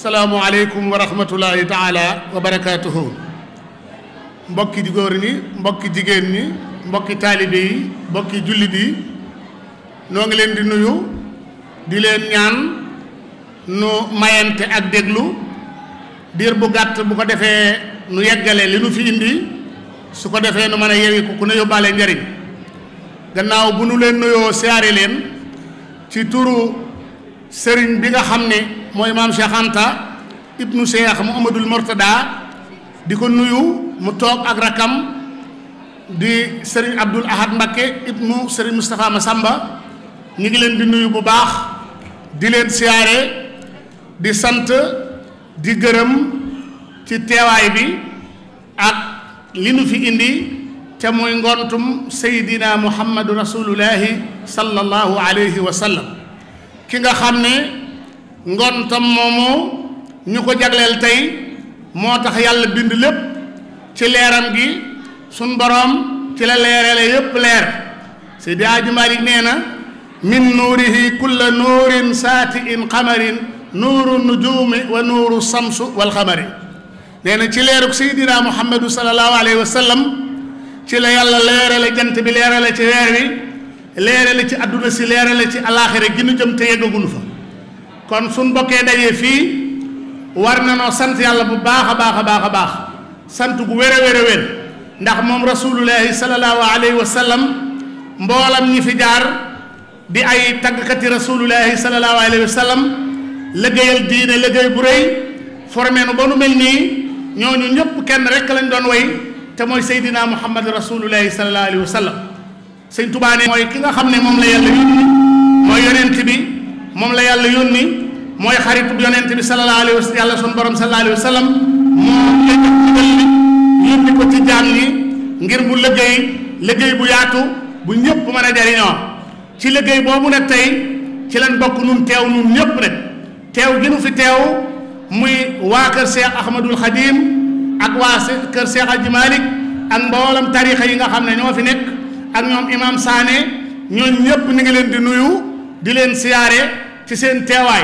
asalaamualeykum wa rahmatullahi taala wa barakaatuhu mbokki góor ñi mbokki jigéen ñi mbokki taalibe yi mbokki jullit yi noo ngi leen di nuyu di leen ñaan nu mayante ak déglu diir bu gàtt bu ko defee nu yeggale li nu fi indi su ko defee nu mën a yewi ko ku ne yóbbaale njariñ gannaaw bu nu leen nuyoo siyaare leen ci turu sëriñ bi nga xam ne mooy maam Cheikh Anta ibnu Cheikh Mouhamadul Mortada di ko nuyu mu toog ak rakam di sëriñ Abdul Ahad Mbakke ibnu sëriñ Moustapha Massamba ñu ngi leen di nuyu bu baax di leen siyaare di sant di gërëm ci teewaay bi ak li nu fi indi te muy ngontum Seydina Muhammadu Rasulullahi sallallahu alayhi wa sallam ki nga xam ne tam moomu ñu ko jagleel tey moo tax yàlla bind lépp ci leeram gi sun boroom ci la leerale yépp leer Seydi Aji Malik nee na min nuurihi kulla nuurin saati in xamarin nuuru nujuumi wa nuuru samsu wal xamari nee na ci leeruk Seydina Muhammadu sallallahu alayhi wa sallam ci la yàlla leerale jant bi leerale ci weer leerale ci àdduna si leerale ci alaaxira gi nu jëm te yeggagunu fa kon suñ bokkee dajee fii war na noo sant yàlla bu baax a baax a baax a baax sant gu wér a wér ndax moom rasulullahi sallallahu alayhi wa sallam mboolam ñi fi jaar di ay tàggkati rasulullahi sallallahu alayhi wa sallam liggéeyal diine liggéey bu rëy formé nu ba nu mel nii ñooñu ñëpp kenn rekk lañ doon way te mooy Seydina Muhammad rasulullahi sallallahu alayhi wa sallam sëñ Tuubaa ne mooy ki nga xam ne moom la yàlla yónni mooy yonent bi moom la yàlla yónni mooy xaritub yonent bi sallallahu alayhi wa yàlla sunu borom sallallahu wa sallam moom la jox li ko ci ngir mu liggéey liggéey bu yaatu bu ñëpp mën a ci liggéey boobu nag tey ci lañ bokk teew ñëpp nag teew gi nu fi teew muy waa kër Cheikh Ahmadul Khadim ak waa kër Cheikh Hadji Malick ak mboolam tarixa yi nga xam ne ñoo fi nekk ak ñoom imam Sané ñooñ ñëpp ni ngi leen di nuyu di leen siyaare ci seen teewaay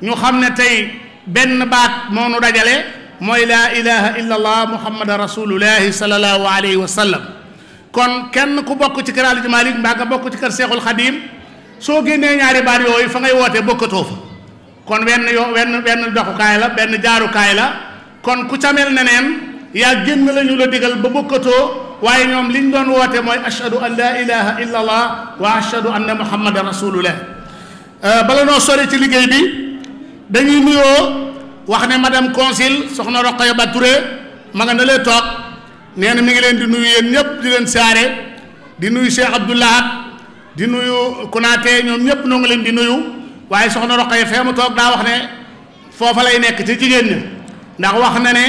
ñu xam ne tey benn baat moo nu dajale mooy la laa ilaha illa allah muhammadan rasulullahi sallallahu alayhi wa sallam kon kenn ku bokk ci kër Alaaji Maalik mbaa nga bokk ci kër Seexul Xadiim soo génnee ñaari baat yooyu fa ngay wootee bokkatoo fa kon wenn yoo wenn wenn doxukaay la benn jaarukaay la kon ku camel neneen yaa génn la ñu la digal ba bokkatoo waaye ñoom liñ doon wootee mooy ashhadu an laa ilaha illa allah wa ashhadu anna muhammadan rasulullah Euh, bala noo sore ci liggéey bi dañuy nuyoo wax ne madame consul soxna Rokhaya Ba Touré ma nga na toog nee na mi ngi leen di nuyu yéen ñëpp di leen saare di nuyu Cheikh Abdoulahat di nuyu Konaté ñoom ñëpp noo ngi leen di nuyu waaye soxna Rokhaya fee mu toog daa wax ne foofa lay nekk ci jigéen ñi ndax wax na ne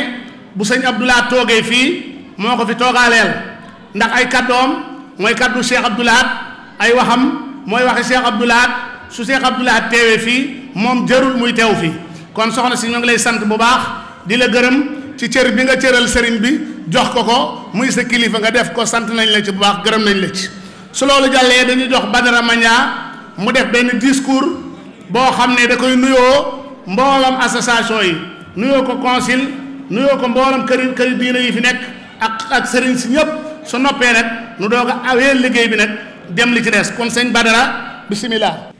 bu sëñ Abdoulahat toogee fii moo ko fi toogaaleel ndax ay kàddoom mooy kàddu Cheikh Abdoulahat ay waxam mooy waxi Cheikh Abdoulahat su Cheikh Abdoulaye teewee fii moom jarul muy teew fii kon soxna si ñu ngi lay sant bu baax di la gërëm ci cër bi nga cëral sëriñ bi jox ko ko muy sa kilifa nga def ko sant nañ la ci bu baax gërëm nañ la ci su loolu jàllee dañuy jox Badara Mandiang mu def benn discours boo xam ne da koy nuyoo mboolam association yi nuyoo ko consil nuyoo ko mboolam këri këri diine yi fi nekk ak ak sëriñ si ñëpp su noppee nag nu doo a awee liggéey bi nag dem li ci des kon sëñ Badara bisimilah.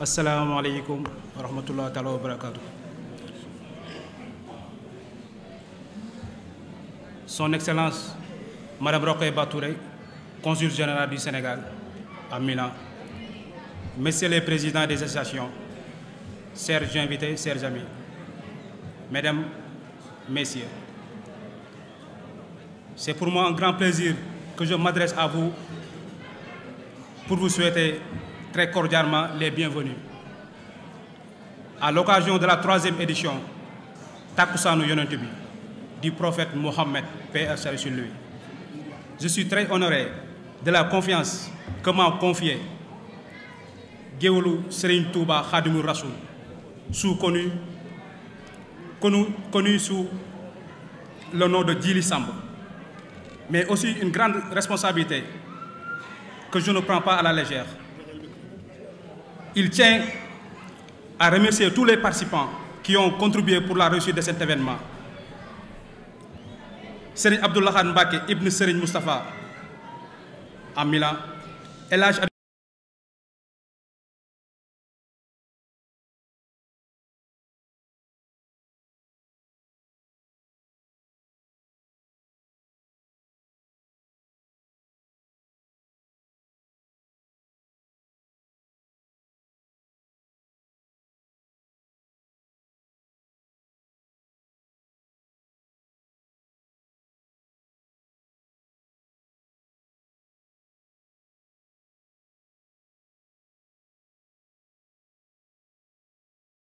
asalaamaaleykum wa rahmatulah taala wa barakaatu. son excellence madame Rokhaya Ba consul général du Sénégal à Milan messieurs les présidents des associations chers invités chers amis mesdames messieurs c'est pour moi un grand plaisir que je m'adresse à vous pour vous souhaiter très cordialement les bienvenus. À l'occasion de la troisième édition Takkusaanu Yonent bi du prophète Mohammed, paix et sur lui. Je suis très honoré de la confiance que m'a confiée Géwélu Serigne Touba Khadimou Rassoul, sous connu connu connu le nom de Djili Samb, mais aussi une grande responsabilité que je ne prends pas à la légère. Il tient à remercier tous les participants qui ont contribué pour la réussite de cet événement. Serigne Abdou Lahad Mbacké ibn Serigne Moustapha à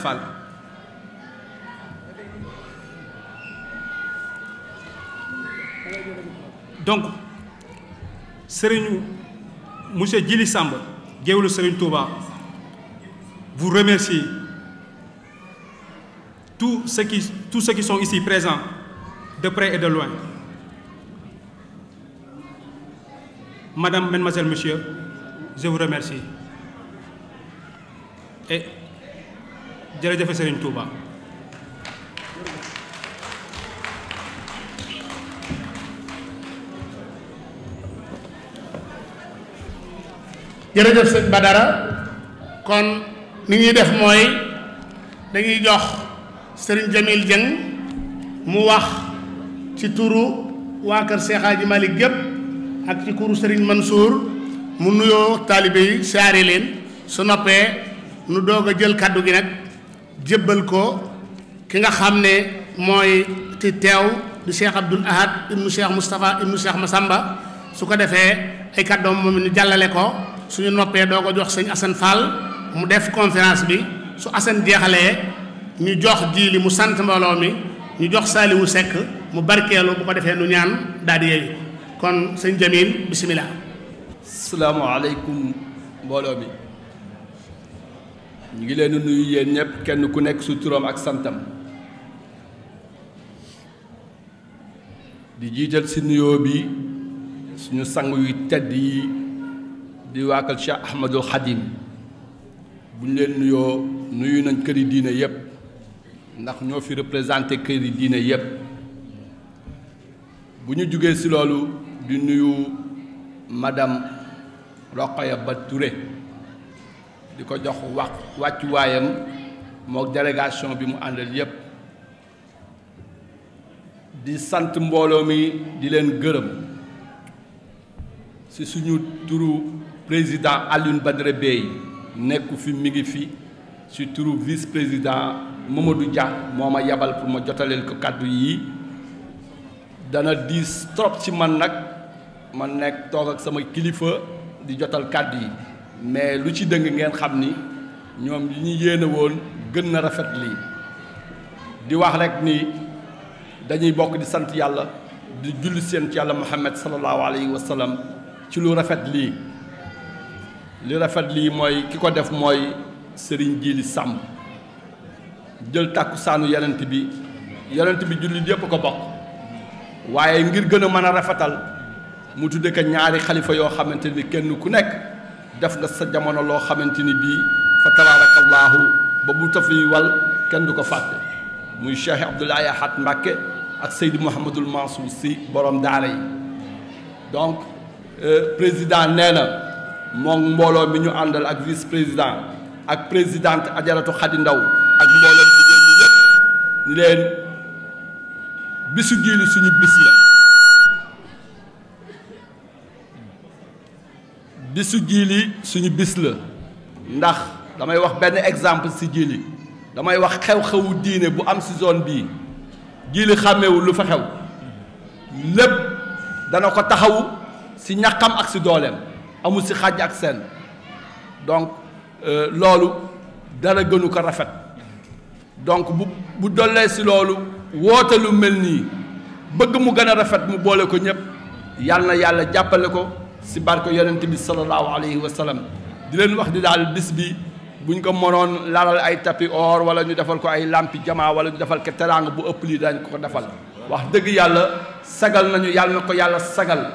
Fall donc sëriñu monsieur Djili Samb géwélu sëriñ Touba vous remercie tous ceux qui tous ceux qui sont ici présents de près et de loin madame mademoiselle monsieur je vous remercie et jërëjëfe sëriñ tuuba jërëjëf sëñ Badara kon ni ñuy def mooy dañuy jox Serigne Jamil Dieng mu wax ci turu waa kër Cheikh ak ci kuru Serigne Mansour mu nuyoo taalibe yi leen su noppee nu doog a jël kàddu gi nag. jébbal ko ki nga xam ne mooy ci teew di Cheikh Abdoul Ahad ibnu Cheikh mu ibnu Cheikh Massamba su ko defee ay kàddoom moom ñu jàllale ko suñu noppee doo ko jox sëñ Assane Fall mu def conférence bi su Assane jeexalee ñu jox jiili mu sant mbooloo mi ñu jox Saliou Seck mu barkeelu bu ko defee nu ñaan daal yeeyu kon sëñ Jamil bisimilah. salaamaaleykum mbooloo mi. ñu ngi leen nuyu yéen ñëpp kenn ku nekk su turam ak santam di jiijal si nuyoo bi suñu sang yu tedd yi di waakal Cheikh Ahmadul Xadim bu ñu leen nuyoo nuyu nañ këri diine yëpp ndax ñoo fi représenté këri diine yëpp bu ñu jógee si loolu di nuyu madam Rokhaya Ba Touré. di ko jox wax wàccuwaayam mook délégation bi mu àndal yépp di sant mbooloo mi di leen gërëm ci suñu turu président Alioune Badara Bèye nekku fi mu ngi fi ci turu vice président Mamadou Dia moo ma yabal pour ma jotaleel ko kàddu yi dana diis trop ci man nag ma nekk toog ak sama kilifa di jotal kàddu yi mais lu ci dëng ngeen xam ni ñoom li ñu yéene woon gën na rafet lii di wax rek ni dañuy bokk di sant yàlla di julli seen ci yàlla Muhammad sallallahu alayhi wa sallam ci lu rafet lii li rafet lii mooy ki ko def mooy Serigne Djily sàmm jël tàkkusaanu yonent bi yonent bi jullit yépp ko bokk waaye ngir gën a mën a rafetal mu tudde ko ñaari xalifa yoo xamante ni kenn ku nekk def nga sa jamono loo xamante ni bii fa tabaarakallaahu ba bu tafiy wal kenn du ko fàtte muy Cheikh Abdoulaye Ahat Mbacké ak Seydi Mouhamadul Mansour Sy borom daara yi donc euh, président nee na moom mbooloo mi ñu àndal ak vice président ak présidente Ajaratu Xadi Ndaw ak mbooloo bi ñu leen bisu giilu suñu bis la bisu jiili suñu bis la ndax damay wax benn exemple si jiili damay wax xew-xewu diine bu am si zone bii jiili xàmmewul lu fa xew lépp dana ko taxawu si ñaqam ak si dooleem amul si xaj ak seen donc euh, loolu dara gënu ko rafet donc bu bu dollee si loolu woote lu mel nii bëgg mu gën a rafet mu boole ko ñëpp yàlla na yàlla jàppale ko si barke yonent bi sallallahu alayhi wa sallam di leen wax di daal bis bi buñ ko moroon laalal ay tapis or wala ñu defal ko ay lampi jamaa wala ñu defal ko teraanga bu ëpp lii dañ ko defal wax dëgg yàlla sagal nañu yàlla na ko yàlla sagal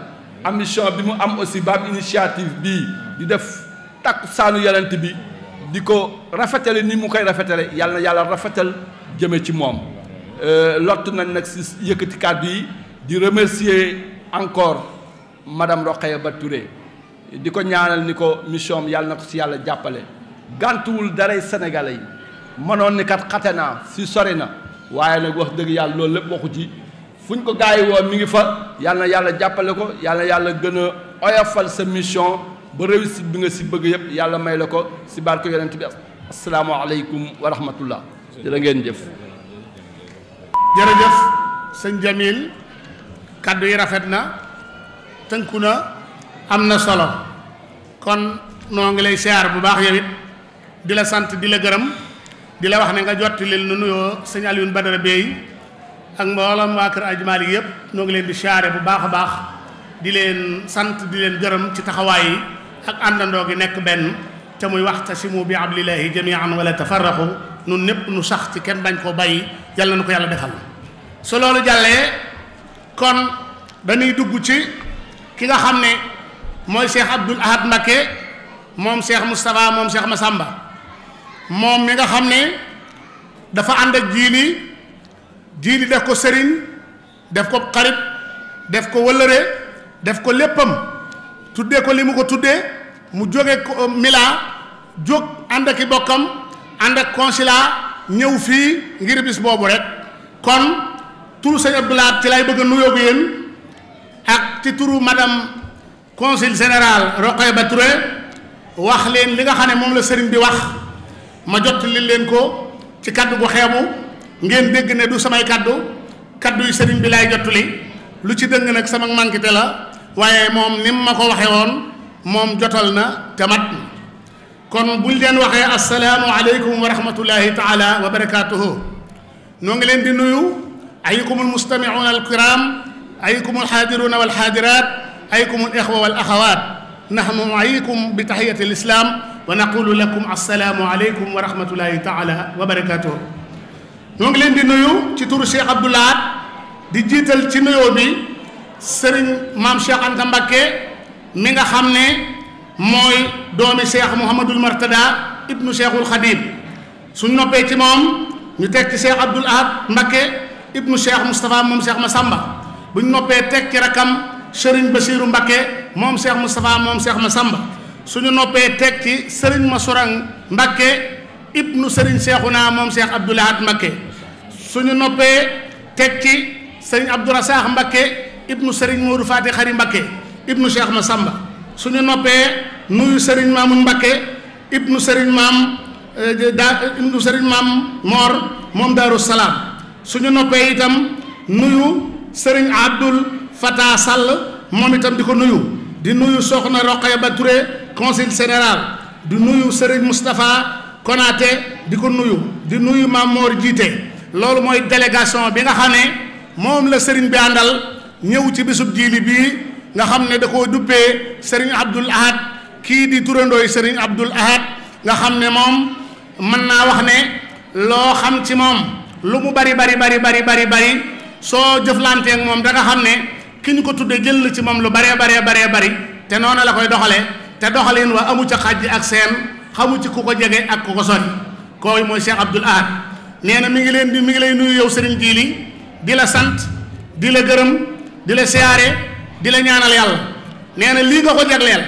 ambition bi mu am aussi ba am initiative bii di def takku saanu yonent bi di ko rafetale ni mu koy rafetale yàlla yàlla rafetal jëme ci moom euh, lott nañ nag si yëkkati kàddu di remercier encore madame Rokhaya Ba ture di ko ñaanal ni ko mission yàlla na ko si yàlla jàppale gàntuwul daray sénégalais yi mënoon ni kat xate naa si sori na waaye nag wax dëgg yàlla loolu lépp waxu ci fu ñu ko gars yi woo mi ngi fa yàlla yàlla jàppale ko yàlla yàlla gën a oyofal sa mission ba réussite bi nga si bëgg yëpp yàlla may la ko si barke yonent bi asalaamaaleykum wa rahmatullah jërë ngeen jëf jërëjëf sëñ Jamil kaddu yi rafet na tënku na am na solo kon noo ngi lay siyaar bu baax yow di la sant di la gërëm di la wax ne nga jottilil nu nuyoo sëñ Alioune Badara Bey ak mbooloom waa kër yi yëpp noo ngi leen di siyaare bu baax a baax di leen sant di leen gërëm ci taxawaay yi ak àndandoo gi nekk benn te muy waxta waxtasimu bi hablillahi jamian wala tafarraqu nun ñëpp nu sax ci kenn bañ koo bàyyi yàlla nu ko yàlla defal su loolu jàllee kon dañuy dugg ci ki nga xam ne mooy Cheikh Abdoul Ahad Mbacké moom Cheikh Moustapha moom Cheikh sàmba moom mi nga xam ne dafa ànd ak jiili jiili def ko sëriñ def ko xarit def ko wëllëre def ko léppam tuddee ko li mu ko tuddee mu jóge ko euh, Mila jóg ànd ak i bokkam ànd ak consulat ñëw fii ngir bis boobu rek kon turu sëñ Abdoul Ahad ci lay bëgg a nuyoo yéen ak ci turu madame consul général Rokhaya Ba Touré wax leen li nga xam ne moom la sëriñ bi wax ma jot li leen ko ci kaddu gu xeemu ngeen dégg ne du samay kaddu kaddu yu sëriñ bi laay jottuli lu ci dëng nag sama mànkite la waaye moom ni ma ko waxee woon moom jotal na te mat kon buñ leen waxee asalaamu aleykum wa rahmatullahi taala wa barakaatuhu noo leen di nuyu ayyukumul mustamiuuna al kiram aykum alxaadiruuna walxaadiraat aykum alixwa walaxawaat nahnu aykum bi taxiyati alislaam wa naqulu lakum assalaamu aleykum wa rahmatullahi taala wa barakatuhu ñoo ngi leen di nuyu ci turu Cheikh Abdou Lahad di jiital ci nuyoo bi sëriñ maam Cheikh Anta Mbakke mi nga xam ne mooy doomi Cheikh Mouhamadul Martada ibnu Cheikhul Xadim suñ noppee ci moom ñu teg ci Cheikh Abdou Lahad Mbakke ibnu Cheikh Moustapha moom Cheikh Massamba buñ noppee teg ci rakam sëriñ Basiiru Mbakke moom Cheikh Moustapha moom Cheikh Massamba suñu noppee teg ci sëriñ Masourang Mbakke ibnu sëriñ naa moom Cheikh Abdoul Ahad Mbakke suñu noppee teg ci sëriñ Abdourasakh Mbakke ibnu sëriñ Modou Fati Xari Mbakke ibnu Cheikh Massamba suñu noppee nuyu sëriñ Mamoun Mbakke ibnu sëriñ maam eh, daa ibnu sëriñ maam Mor moom Daaru Salaam suñu noppee itam nuyu. sëriñ Abdul Fattah Sall moom itam di ko nuyu di nuyu soxna Roqaya Ba Touré conseil sénéral di nuyu sëriñ Moustapha Konaté di ko nuyu di nuyu Mamor Jiite loolu mooy délégation bi nga xam ne moom la sëriñ bi àndal ñëw ci bisub jiili bii nga xam ne da ko duppee sëriñ Abdul Ahad kii di turandooy sëriñ Abdul Ahad nga xam ne moom mën naa wax ne loo xam ci moom lu mu bari bari bari bari bari bari soo jëflanteek moom da xam ne ki ñu ko tuddee jël na ci moom lu baree baree baree bari te noonu la koy doxalee te doxalin wa amu ca xaj ak seen xamu ci ku ko jege ak ku ko sori kooy mooy Cheikh Abdoul Ahad nee na mi ngi leen di mi ngi lay nuyu yow sëriñ Jiili di la sant di la gërëm di la siyaare di la ñaanal yàlla nee na lii nga ko jagleel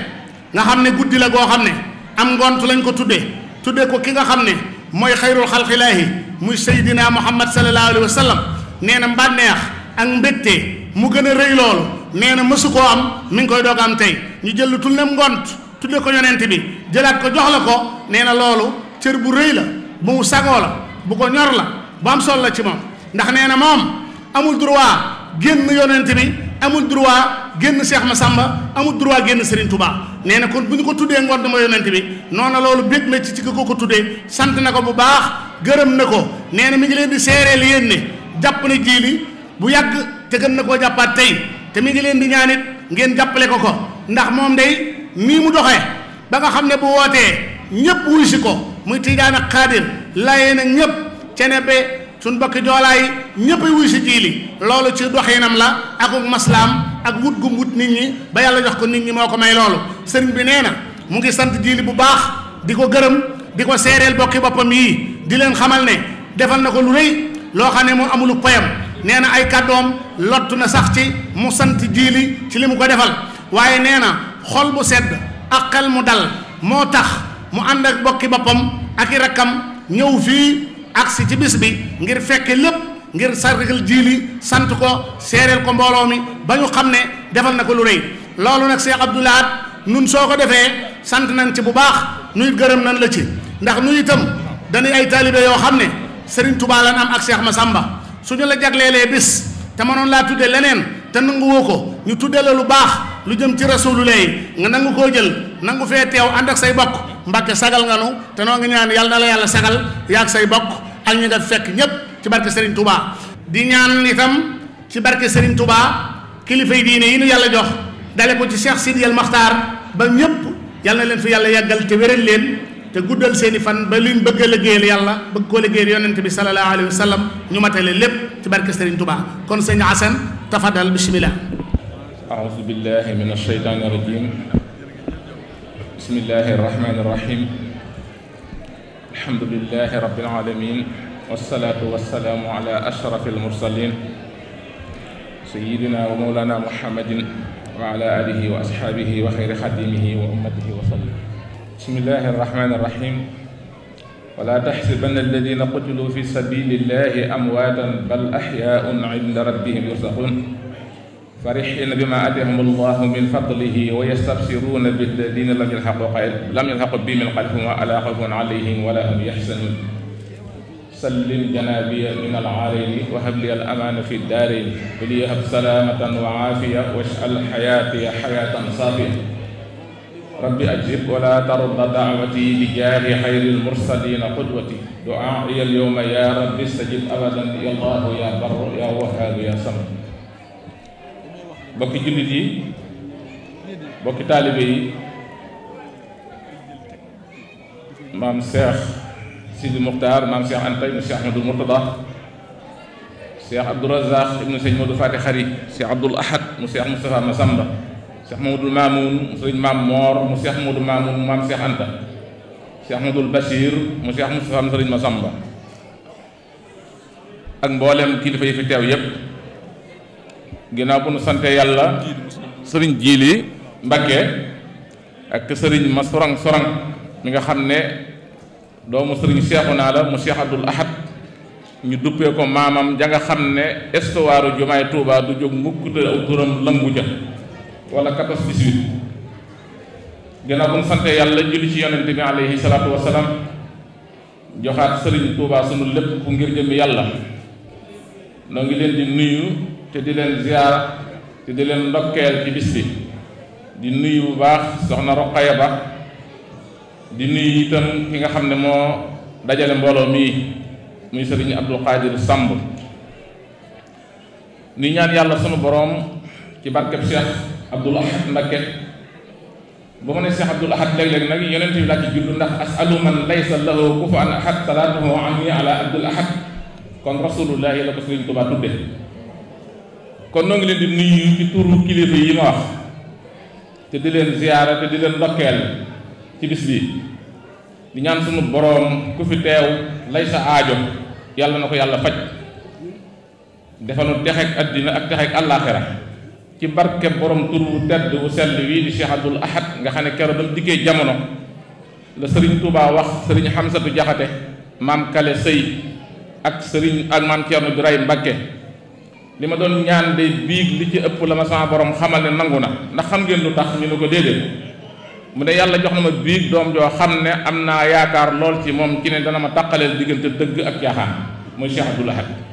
nga xam ne guddi la goo xam ne am ngont lañ ko tuddee tuddee ko ki nga xam ne mooy xayrul xalqilaahi muy Seydina Muhammad sallallahu alayhi wa sallam nee na mbànneex ak mbégte mu gën a rëy loolu nee na mësu koo am mi ngi koy doog am tey ñu jël lu tul ne ngont tudde ko yonent bi jëlaat ko jox la ko nee na loolu cër bu rëy la bu mu sagoo la bu ko ñor la bu am solo la ci moom ndax nee na moom amul droit génn yonent bi amul droit génn Cheikh Massamba amul droit génn Serigne Touba nee na kon bu ñu ko tuddee ngont ma yonent bi noona loolu bég na ci ci ko ko tuddee sant na ko bu baax gërëm na ko nee na mi ngi leen di seereel yéen ne jàpp ne jiili bu yàgg te gën na koo jàppaat tey te mi ngi leen di ñaanit ngeen jàppale ko ko ndax moom day nii mu doxee ba nga xam ne bu wootee ñëpp wuy si ko muy tiijaan ak xaadir layee na ñëpp cene be suñ bokki joolaay ñëpp ay wuy si jiili loolu ci doxinam la akuk maslaam ak wut gum wut nit ñi ba yàlla jox ko nit ñi moo ko may loolu sëriñ bi nee na mu ngi sant jiili bu baax di ko gërëm di ko seereel bokki boppam yii di leen xamal ne defal na ko l loo xam ne mu amulu payam nee na ay kàddoom lott na sax ci mu sant jiili ci li mu ko defal waaye nee na xol bu sedd ak xel mu dal moo tax mu ànd ak bokki boppam ak i rakkam ñëw fii agsi ci bis bi ngir fekke lépp ngir sargal jiili sant ko seereel ko mbooloo mi ba ñu xam ne defal na ko lu rey loolu nag Cheikh Abdou Lahad nun soo ko defee sant nañ ci bu baax nuy gërëm nañ la ci ndax nu itam dañuy ay taalibe yoo xam ne sëriñ Touba lan am ak ma sàmba su ñu la jagleelee bis te mënoon laa tudde leneen te nanguwoo ko ñu tudde la lu baax lu jëm ci rasulullahi nga nangu koo jël nangu fee teew ànd ak say bokk mbàkke sagal nga nu te noo ngi ñaan yàlla na la yàlla sagal yaag say bokk ak ñi nga fekk ñépp ci barke sëriñ Touba di ñaan itam ci barke sëriñ tubaa kilifa yi diine yi nu yàlla jox dale ko ci Cheikh Sidi El Makhtar ba ñépp yàlla leen fi yàlla yàggal te wéral leen te guddal seeni fan ba liñ bëgg a liggéeyal yàlla bëgg koo liggéeyal yonent bi sallallahu alayhi wa sallam ñu matale lépp ci barke Serigne Touba kon sëñ Assane tafadal bismillah aouzu billahi min ashaytani rajim bismillahi arrahmani arrahim alhamdulillahi rabbil alamin wassalaatu wassalaamu ala ashrafil mursalin sayyidina wa mawlana muhammadin wa ala alihi wa ashabihi wa xayri xadimihi wa ummatihi wa sallam bismillahi irrahmani irrahim wala taxsibanna alladina qutiluu fi sabilillahi amwaatan bal axyaun inda rabbihim yursaquun farixina bima atahum allahu min fadlihi wa yastabsiruuna billadina lam yalxaqu lam yalxaqu bi min xalfihim wa ala xawfun alayhim wala hum yaxsanuun sallim janaabiya min alaalayni wa habli al amaana fi daarayni wa li yahab salaamatan wa aafiya waj'al xayaatiya xayaatan saafiya rabbi ajib wala tarudda daawati bi jaari xayril mursalina qudwati duaai al yowma ya rabbi stajib abadan ya allahu ya barru ya wahaabu ya samad bokki jullit yi bokki taalibe yi maam Cheikh Sidi Muxtaar maam Cheikh Anta ibnu Cheikh Ahmadul Murtada Cheikh Abdou Razaq ibnu Sëñ Modou Fati Xari Cheikh Abdoul Ahad mu Cheikh Moustapha Masamba Cheikh Mamadou Mamoun mu sëriñ Maam Moor mu Cheikh Mamadou Mamoun mu Cheikh Moustapha mu sëriñ Masamba ak mboolem kilifa yi fi teew yépp ginnaaw bu nu yàlla sëriñ Jiili Mbakke ak sëriñ ma sorang sorang mi nga xam ne doomu sëriñ Seexuna la mu Cheikh Abdoul Ahad ñu duppee ko maamam ja nga xam ne estuwaaru jumaay Tuubaa du jóg mukk te aw turam lëngu wala 14 18 ginnaaw bu ñu sante yàlla julli ci yonente bi alayhi salaatu wasalaam joxaat sëriñ Touba sunu lépp ku ngir jëmmi yàlla noo ngi leen di nuyu te di leen ziyaara te di leen ndokkeel ci bis bi di nuyu bu baax soxna Roqaya Ba di nuyu itam ki nga xam ne moo dajale mbooloo mii muy sëriñ Abdou Khadir Samb ni ñaan yàlla sunu boroom ci barkeb Cheikh Abdul Ahad Mbakke bu ma ne Cheikh Abdul Ahad léeg-léeg nag yonent bi laa ci jublu ndax asalu man laysa lahu kufuwan ahad salaatuhu anni ala Abdul Ahad kon rasulullah la ko Sëriñ Tuubaa tudde kon noo ngi leen di nuyu ci turu kilifa yi ma wax te di leen ziyaara te di leen ndokkeel ci bis bi di ñaan sunu boroom ku fi teew lay sa aajo yàlla na ko yàlla faj defanu texeek àddina ak texeek àllaaxira ci barke borom tur wu tedd wu sell wii di Cheikh Abdoul Ahad nga xam ne keroog dam dikkee jamono la sëriñ Touba wax sëriñ Xamsatu Jaxate maam Kale Sëy ak sëriñ ak maam bi Biray mbakke li ma doon ñaan de biig li ci ëpp la ma sama borom xamal ne nangu na ndax xam ngeen lu tax ñu ne ko déedéet mu ne yàlla jox na ma biig doom joo xam ne am naa yaakaar lool ci moom ci ne dana ma taqaleel diggante dëgg ak caaxaan mooy Cheikh Abdoul Ahad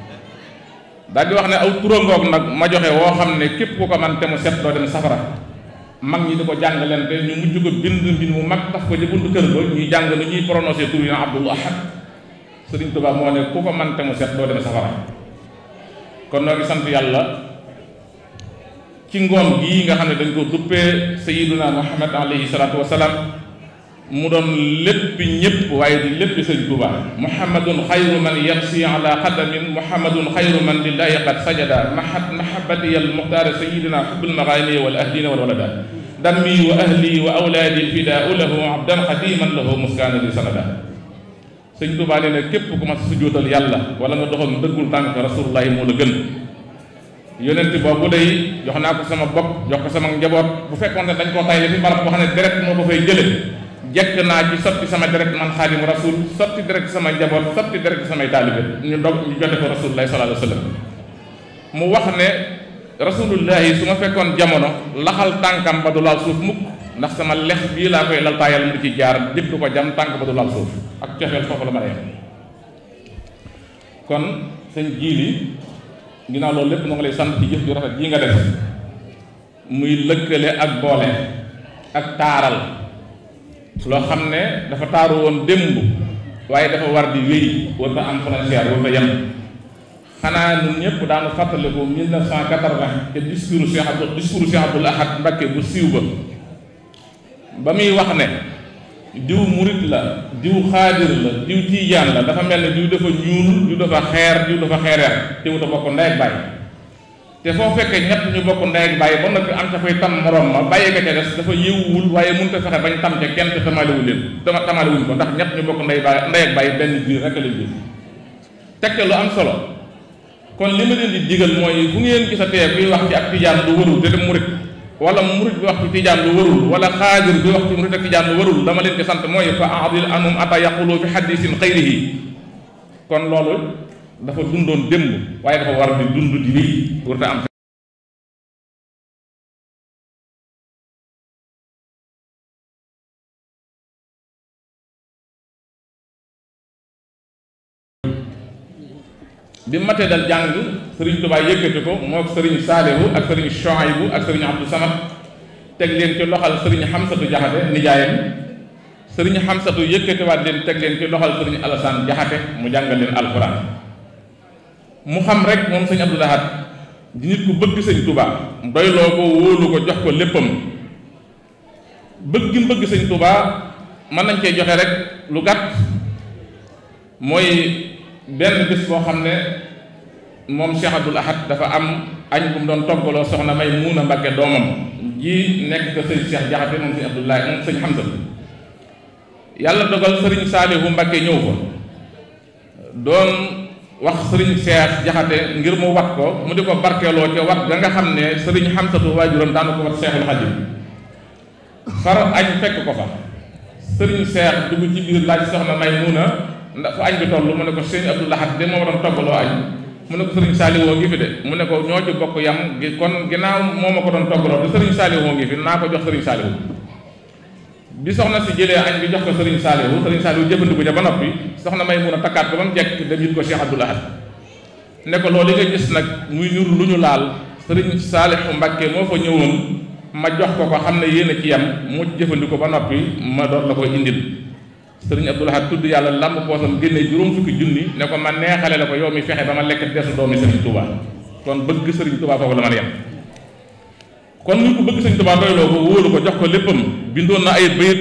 daal di wax ne aw turangoog nag ma joxe woo xam ne képp ku ko man te mu set doo dem safara mag ñi di ko jàng leen te ñu mujj ko bind mbind mu mag tax ko ci buntu kër ba ñuy jàng lu ñuy prononcé tur yi na Abdul Ahad Sëriñ Tuubaa moo ne ku ko man te set doo dem safara kon noo ngi sant yàlla ci ngoon gii nga xam ne dañ ko duppee sayyiduna Muhammad alayhi salaatu wasalaam mu doon lépp ñëpp waaye di lépp sëñ Tuuba muhammadun xayru man yamsi ala qadamin muhammadun xayru man lillahi qad sajada mahat mahabbati al muxtaar sayidina xubbul maxaani wal ahlina wal walada dammi wa ahli wa awlaadi fidaa lahu abdan qadiman lahu muskaana di sanada sëñ Tuuba nee na képp ku ma sujjóotal yàlla wala nga doxal dëggul tànk rasulullahi moo la gën yonent boobu day jox naa ko sama bopp jox ko sama njaboot bu fekkoon ne dañ koo tay la fi barab boo xam ne deret moo ko fay jële jekk naa ci sotti sama deret man xaadim rasul sotti deret sama njaboot sotti deret samay taalibe ñu dog ñu jote ko rasulullahi sallallahu alayhi wa sallam mu wax ne rasulullahi su ma fekkoon jamono laxal tànkam ba du laal suuf mukk ndax sama lex bii laa koy lal taayal mu ci jaar dib du ko jam tànk ba du laal suuf ak cofeel foofu la ma yem kon sëñ jiili ginnaaw loolu lépp nu ngi lay sant ci jëf ju rafet ji nga def muy lëkkale ak boole ak taaral loo xam ne dafa taaru woon démb waaye dafa war di wéy warta am frontière warta yem xanaa ñun ñëpp daanu fàttaliku 1980 te discours Cheikh Abdou discours Cheikh Abdoul Ahad Mbacké bu siw ba ba muy wax ne diw murit la diw xaadir la diw tiijaan la dafa mel ne diw dafa ñuul diw dafa xeer diw dafa xeereer te wuta bokk ndey ak te foo fekkee ñett ñu bokk ndey ak bàyyi ba noppi am ca fay tam morom ma bàyyi ka ca des dafa yéewuwul waaye mënut a fexe bañ tam ca kenn te tamaalewul leen dama tamaalewuñ ko ndax ñett ñu bokk ndey bàyyi benn biir rek la biir teg ca lu am solo kon li ma leen di digal mooy bu ngeen gisatee kuy wax ci ak tijaan lu warul te dem murit wala murit bi wax ci tijaan lu warul wala xaadir bi wax ci murit ak tijaan lu warul dama leen ko sant mooy fa adil anum ata yaqulu fi hadisin xayrihi kon dafa dundoon démb waaye dafa war di dund di nii pour ta am bi matee dal jàng sëriñ Tuubaa yëkkati ko moo ak sëriñ Saalihu ak sëriñ Shuaybu ak sëriñ Abdou Samad teg leen ci loxal sëriñ Xamsatu Jaxate nijaayam sëriñ Xamsatu yëkkatiwaat leen teg leen ci loxal sëriñ Alasaan Jaxate mu jàngal leen alxuraan mu xam rek moom sëñ Abdou Lahad di nit ku bëgg sëñ Touba doyloo ko wóolu ko jox ko léppam bëgg gi bëgg sëñ Touba mën nañ cee joxe rek lu gàtt mooy benn bis koo xam ne moom Cheikh Abdou dafa am añ bu doon toggaloo soxna may muun a Mbàkke doomam ji nekk ko sëñ Cheikh Jaxate moom sëñ Abdoulaye moom sëñ Hamza yàlla dogal sëriñ Saalihu Mbàkke ñëw fa doon wax sëriñ Seex Jaxate ngir mu wat ko mu di ko barkeeloo ca wat ga nga xam ne sëriñ Xamsatu waajuram daana ko wat Seexul Xadim far añ fekk ko fa sëriñ Seex dugg ci biir laaj soxna may muuna ndax fa añ bi toll mu ne ko sëriñ Abdou Lahad de moo doon toggaloo añ mu ne ko sëriñ Saaliwoo ngi fi de mu ne ko ñoo ci bokk yam gi kon ginnaaw moo ma ko doon toggaloo du sëriñ Saaliwoo ngi fi naa ko jox sëriñ Saaliwoo bi soxna si jëlee añ bi jox ko Serigne Saliou Serigne Saliou jëfandiku ja ba noppi soxna may mun a takkaat ko ba mu jekk dem yit ko Cheikh Abdoul Ahad ne ko loolu nga gis nag muy nur lu ñu laal Serigne Saliou Mbacké moo fa ñëwoon ma jox ko ko xam ne yéen a ci yam mu jëfandiku ba noppi ma door la koy indil Serigne Abdoul Ahad tudd yàlla lamb poosam génne juróom fukki junni ne ko ma neexale la ko yow mi fexe ba ma lekk desu doomi Serigne Touba kon bëgg Serigne Touba foofu la man yem kon ñu ko bëgg sëñ Tuubaa doyloo ko ko jox ko léppam bindoon na ay bayit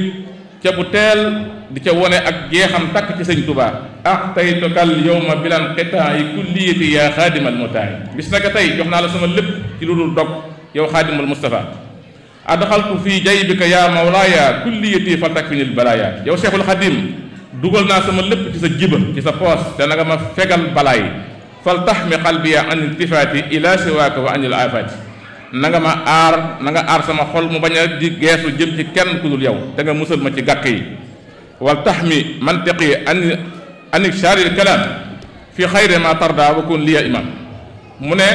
ca bu teel di ca wone ak jeexam takk ci sëñ Tuubaa axtaytukal yawma bilan qitaa yi kulliyati yaa xaadimal mutaay bis naka tey jox naa la sama lépp ci lu dul dog yow xaadimal Mustafa adxaltu fii jaybika yaa mawlaaya kulliyati fa takfinil balaaya yow Cheikhul Xadim dugal naa sama lépp ci sa jiba ci sa poos te nanga ma fegal balaay fal taxmi qalbiya an iltifaati ila siwaaka wa anil aafaati na nga ma aar na nga aar sama xol mu bañ a di geesu jëm ci kenn ku dul yow da nga musal ma ci gàkk yi wal tax mi mantiqi an anik sharil kalaam fi xayri ma tarda wa kun liya imam mu ne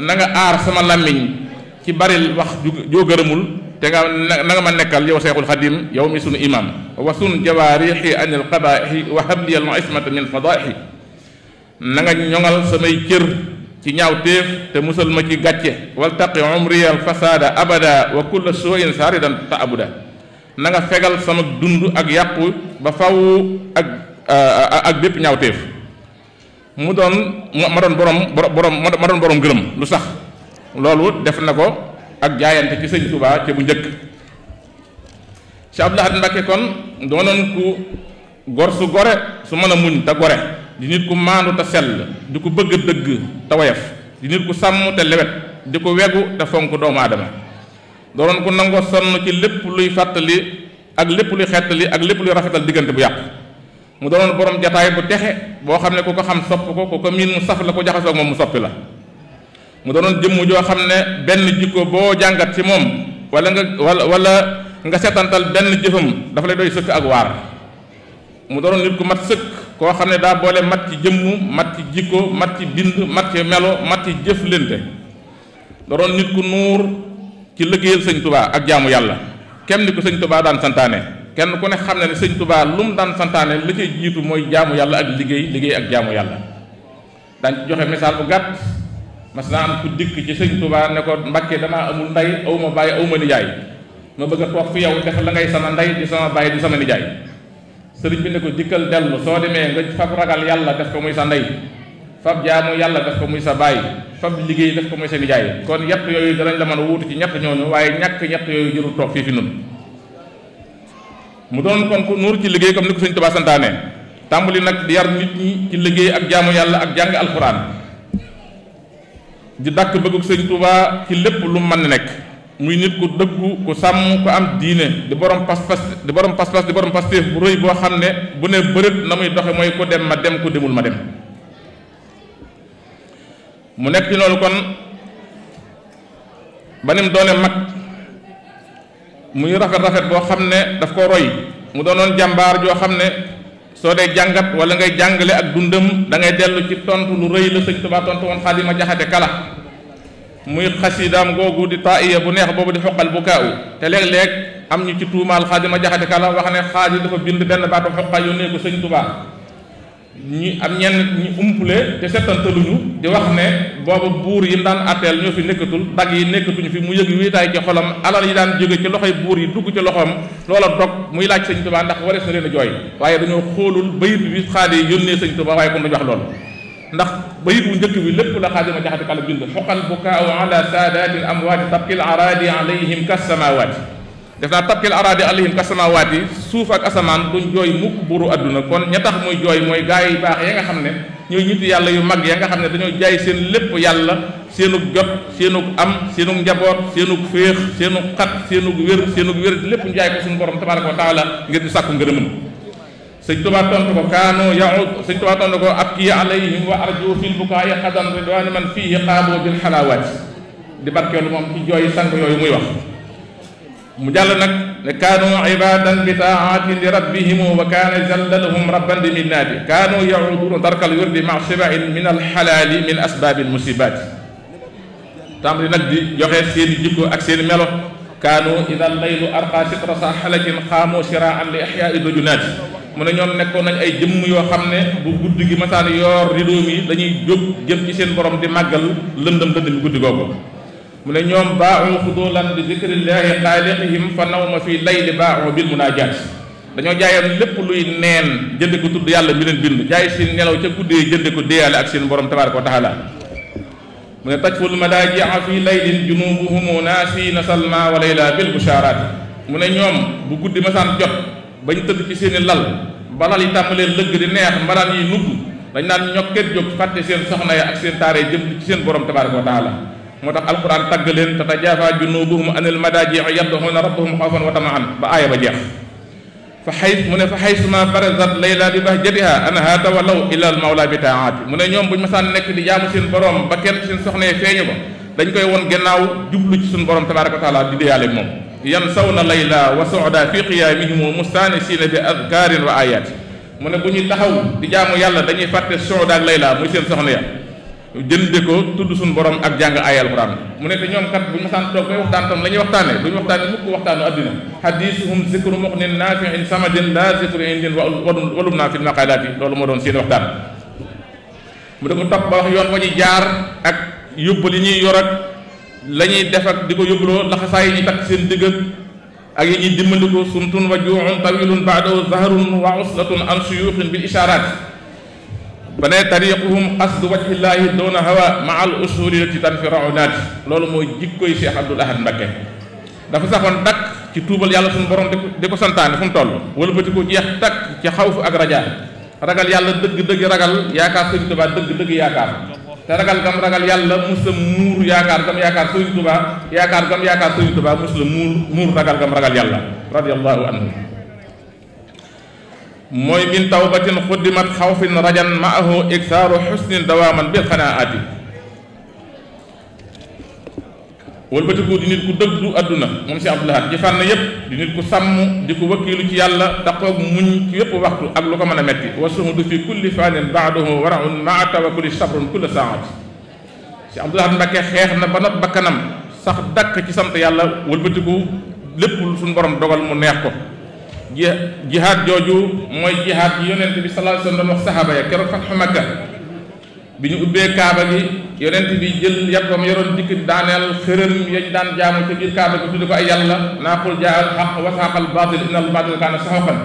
na nga aar sama làmmiñ ci baril wax joo gërëmul te nga na nga ma nekkal yow seexul xadim yow mi sunu imam wa sun jawaarixi an al qabaixi wa habliya al ismata min fadaaixi na nga ñoŋal samay cër ci ñaaw téef te musal ma ci gàcce wal taqi umriyal fasaada abada wa kulla suwayin saaridan ta abuda na nga fegal sama dund ak yàqu ba faw ak ak bépp ñaaw téef mu doon ma doon borom borom ma doon borom gërëm lu sax loolu def na ko ak jaayante ci sëñ Tuubaa ci bu njëkk Cheikh Abdoul Ahad Mbacké kon doonoon gor su gore su mën a muñ te gore di nit ku maandu te sell di ku bëgg dëgg te woyof di nit ku sàmm te lewet di ku wegu te fonk doomu aadama doonoon ku nangoo sonn ci lépp luy fàttali ak lépp luy xettali ak lépp luy rafetal diggante bu yàqu mu doonoon boroom jataay bu texe boo xam ne ku ko xam sopp ko ku ko miin mu saf la ko jaxasoo moom mu soppi la mu doonoon jëmm joo xam ne benn jikko boo jàngat ci moom wala nga wala wala nga setantal benn jëfam dafa la doy sëkk ak waar mu doonoon ku mat sëkk koo xam ne daa boole mat ci jëmm mat ci jikko mat ci bind mat ci melo mat ci jëflante da doon nit ku nuur ci liggéeyal sëñ tubaa ak jaamu yàlla kenn ni ko sëñ tubaa daan santaane kenn ku ne xam ne ne sëñ tubaa lu mu daan santaane li cay jiitu mooy jaamu yàlla ak liggéey liggéey ak jaamu yàlla daan ci joxe misaal bu gàtt mas naa am ku dikk ci sëñ tubaa ne ko mbakke damaa amul ndey awma bàyyi awma nijaay ma bëgg a toog fi yow def la ngay sama ndey di sama bàyyi di sama sëriñ bi ne ko dikkal dellu soo demee nga fab ragal yàlla def ko muy sa ndey fab jaamu yàlla def ko muy sa baay fab liggéey def ko muy sa nijaay kon ñett yooyu danañ la mën a wuutu ci ñett ñooñu waaye ñàkk ñett yooyu jurul toog fii fi nun mu doon kon ku nuur ci liggéey comme ni ko sëñ Tuubaa santaane tàmbali nag di yar nit ñi ci liggéey ak jaamu yàlla ak jàng alxuraan di dàkk bëggug sëñ Tuubaa ci lépp lu mën nekk muy nit ku dëggu ku sàmm ku am diine di borom pas-pas di borom pas-pas di borom pastéef bu rëy boo xam ne bu ne bërët na muy doxe mooy ku dem ma dem ku demul ma dem mu nekk ci kon ba nim doone mag muy rafet rafet boo xam ne daf ko roy mu doon doonoon jàmbaar joo xam ne soo dee jàngat wala ngay jàngale ak dundam da ngay dellu ci tontu lu rëy la sëñ Tuubaa tontu woon Xaadima Jaxate Kala muy xasidaam googu di taiya bu neex boobu di xoqal bu kaaw te léeg-léeg am ñu ci tuumaal xaadima jaxate kala wax ne xaadi dafa bind benn baatu xoqa yónnee ko sëñ Tuubaa ñu am ñenn ñu umpule te settantaluñu di wax ne booba buur yi daan atteel ñoo fi nekkatul dag yi nekkatuñu fi mu yëg wiitaay ci xolam alal yi daan jóge ci loxoy buur yi dugg ci loxoom loola dog muy laaj sëñ Tuubaa ndax warees na leen a jooy waaye dañoo xoolul bayit bi xaadi yónnee sëñ Tuubaa waaye kon dañu wax ndax bayit bu njëkk bi lépp la xaadima jaxati kàlla bind xoqal bukaaw ala saadaati l amwaati tabkil araadi alayhim kasamawaati def naa tabkil araadi alayhim kasamawaati suuf ak asamaan duñ jooy mukk buuru adduna kon ña tax muy jooy mooy gaa yu baax ya nga xam ne ñooy nit yàlla yu mag ya nga xam ne dañoo jaay seen lépp yàlla seenug jot seenug am seenug njaboot seenug féex seenug xat seenug wér seenug wér lépp ñu jaay ko suñu borom tabaraka wa taala ngir ñu sàkku ngërëmam sëñ Tuubaa tontu ko kaanu yaud sëñ Tuubaa tontu ko abki alayhim wa arju fil bukaay xadan ridwaani man fii xaaboo bil xalaawaati di barkeelu moom ci jooy sang yooyu muy wax mu jàll nag ne kaanu ibadan bi taatin li rabbihim wa kaana jallalahum rabban bi minnaati kaanu yauduna darkal wirdi ma sibain min alxalaali min asbaabi almusibaati tàmbali nag di joxe seeni jikko ak seeni melo kaanu ida allaylu arqa sitra sa xalakin qaamu siraan li ixyaai dujunaati mu ne ñoom nekkoon nañ ay jëmm yoo xam ne bu guddi gi masaan yoor rideau mi dañuy jóg jëm ci seen borom di màggal lëndëm lëndëm guddi googu mu ne ñoom baaxu xudulan bi zikrillahi xaaliqihim fa nawma fii layli baaxu bil munaajaat dañoo jaayoon lépp luy neen jënde ko tudd yàlla mi leen bind jaay seen nelaw ca guddee jënde ko déeyaale ak seen borom tabaaraka wa taala mu ne tajful madaaji'a fii laylin junubuhum naasiina salma wa layla bil bushaaraat mu ne ñoom bu guddi masaan jot bañ tëdd ci seeni lal balal yi leen lëgg di neex mbaraan yi nugg dañ naan ñokket jóg fàtte seen soxna ya ak seen taaree jëm ci seen borom tabaaraka wa taala moo tax alquran tàgg leen tatajaafaa junubuhum anil madaaji'i yad'uuna ba aaya ba mu ne fa xay suma barazat layla bi bahjatiha anhaata walaw ilal mawla bi taaati mu ne ñoom bu nekk di jaamu seen borom ba kenn seen soxna feeñu ba dañ koy won gannaaw jublu ci suñu borom tabaaraka wa taala di deyaale moom yansawna layla wa soda fi qiyaamihim wa mustaanisiina bi azkaarin wa ayaat mu ne bu ñuy taxaw di jaamu yàlla dañuy fàtte soda ak layla muy seen soxna ya jënde ko tudd suñu borom ak jàng ay alquran mu ne te ñoom kat bu ñu masaan toog bay waxtaan tam la ñuy waxtaane duñu waxtaane mukk waxtaanu addina hadisuhum zikru muxnin naafiin samadin la zikru indin walum naa fi maqalaati loolu moo doon seen waxtaan mu ne topp ba wax yoon wa jaar la ñuy def ak di ko yóbbuloo laxasaay yi ñuy takk seen digg ak yi ñuy dimbandikoo sumtun wa juuxun tawilun baadahu zahrun wa uslatun an suyuuxin bil ishaaraat ba ne tariquhum qasdu wajhillaahi doona hawa ma al usuri lati tanfirau naati loolu mooy jikkoy Cheikh Abdoul Ahad Mbacké dafa saxoon dakk ci tuubal yàlla suñu borom di ko santaane fu mu toll wëlbati ko jeex takk ci xaw xawfu ak rajaa ragal yàlla dëgg-dëgg ragal yaakaar Sëriñ Tuubaa dëgg-dëgg yaakaar te ragal gam ragal yàlla musta muur yaakaar gam yaakaar sëriñ yaakaar gam yaakaar sëriñ tubaa muur ragal gam ragal yàlla radiallahu anhu mooy min tawbatin xuddimat xawfin rajan maahu iksaaru xusnin dawaaman bil xanaati wëlbatiku di nit ku dëggu àdduna moom si Abdul Ahad ci fànn yépp di nit ku sàmm di ko wakkiilu ci yàlla taqoog muñ ci yépp waxtu ak lu ko mën a metti wasuhudu fi kulli fanin baadohu waraun maa tawakkuli sabrun kulla saati si Abdul Ahad Mbakke xeex na ba not bakkanam sax dakk ci sant yàlla wëlbatiku lépp suñu borom dogal mu neex ko jihaad jooju mooy jihaad ji yonent bi sallallahu alayhi wa sallam wax sahaaba ya keroog fatxu Makka bi ñu ubbee kaaba gi yonent bi jël yàppam yoroon dikk daaneel xërëm yañ daan jaamu ci biir kaaba gi tudd ko ay yàlla naaqul jaa al xaq wa saaq al baatil inna al baatil kaana saxoqan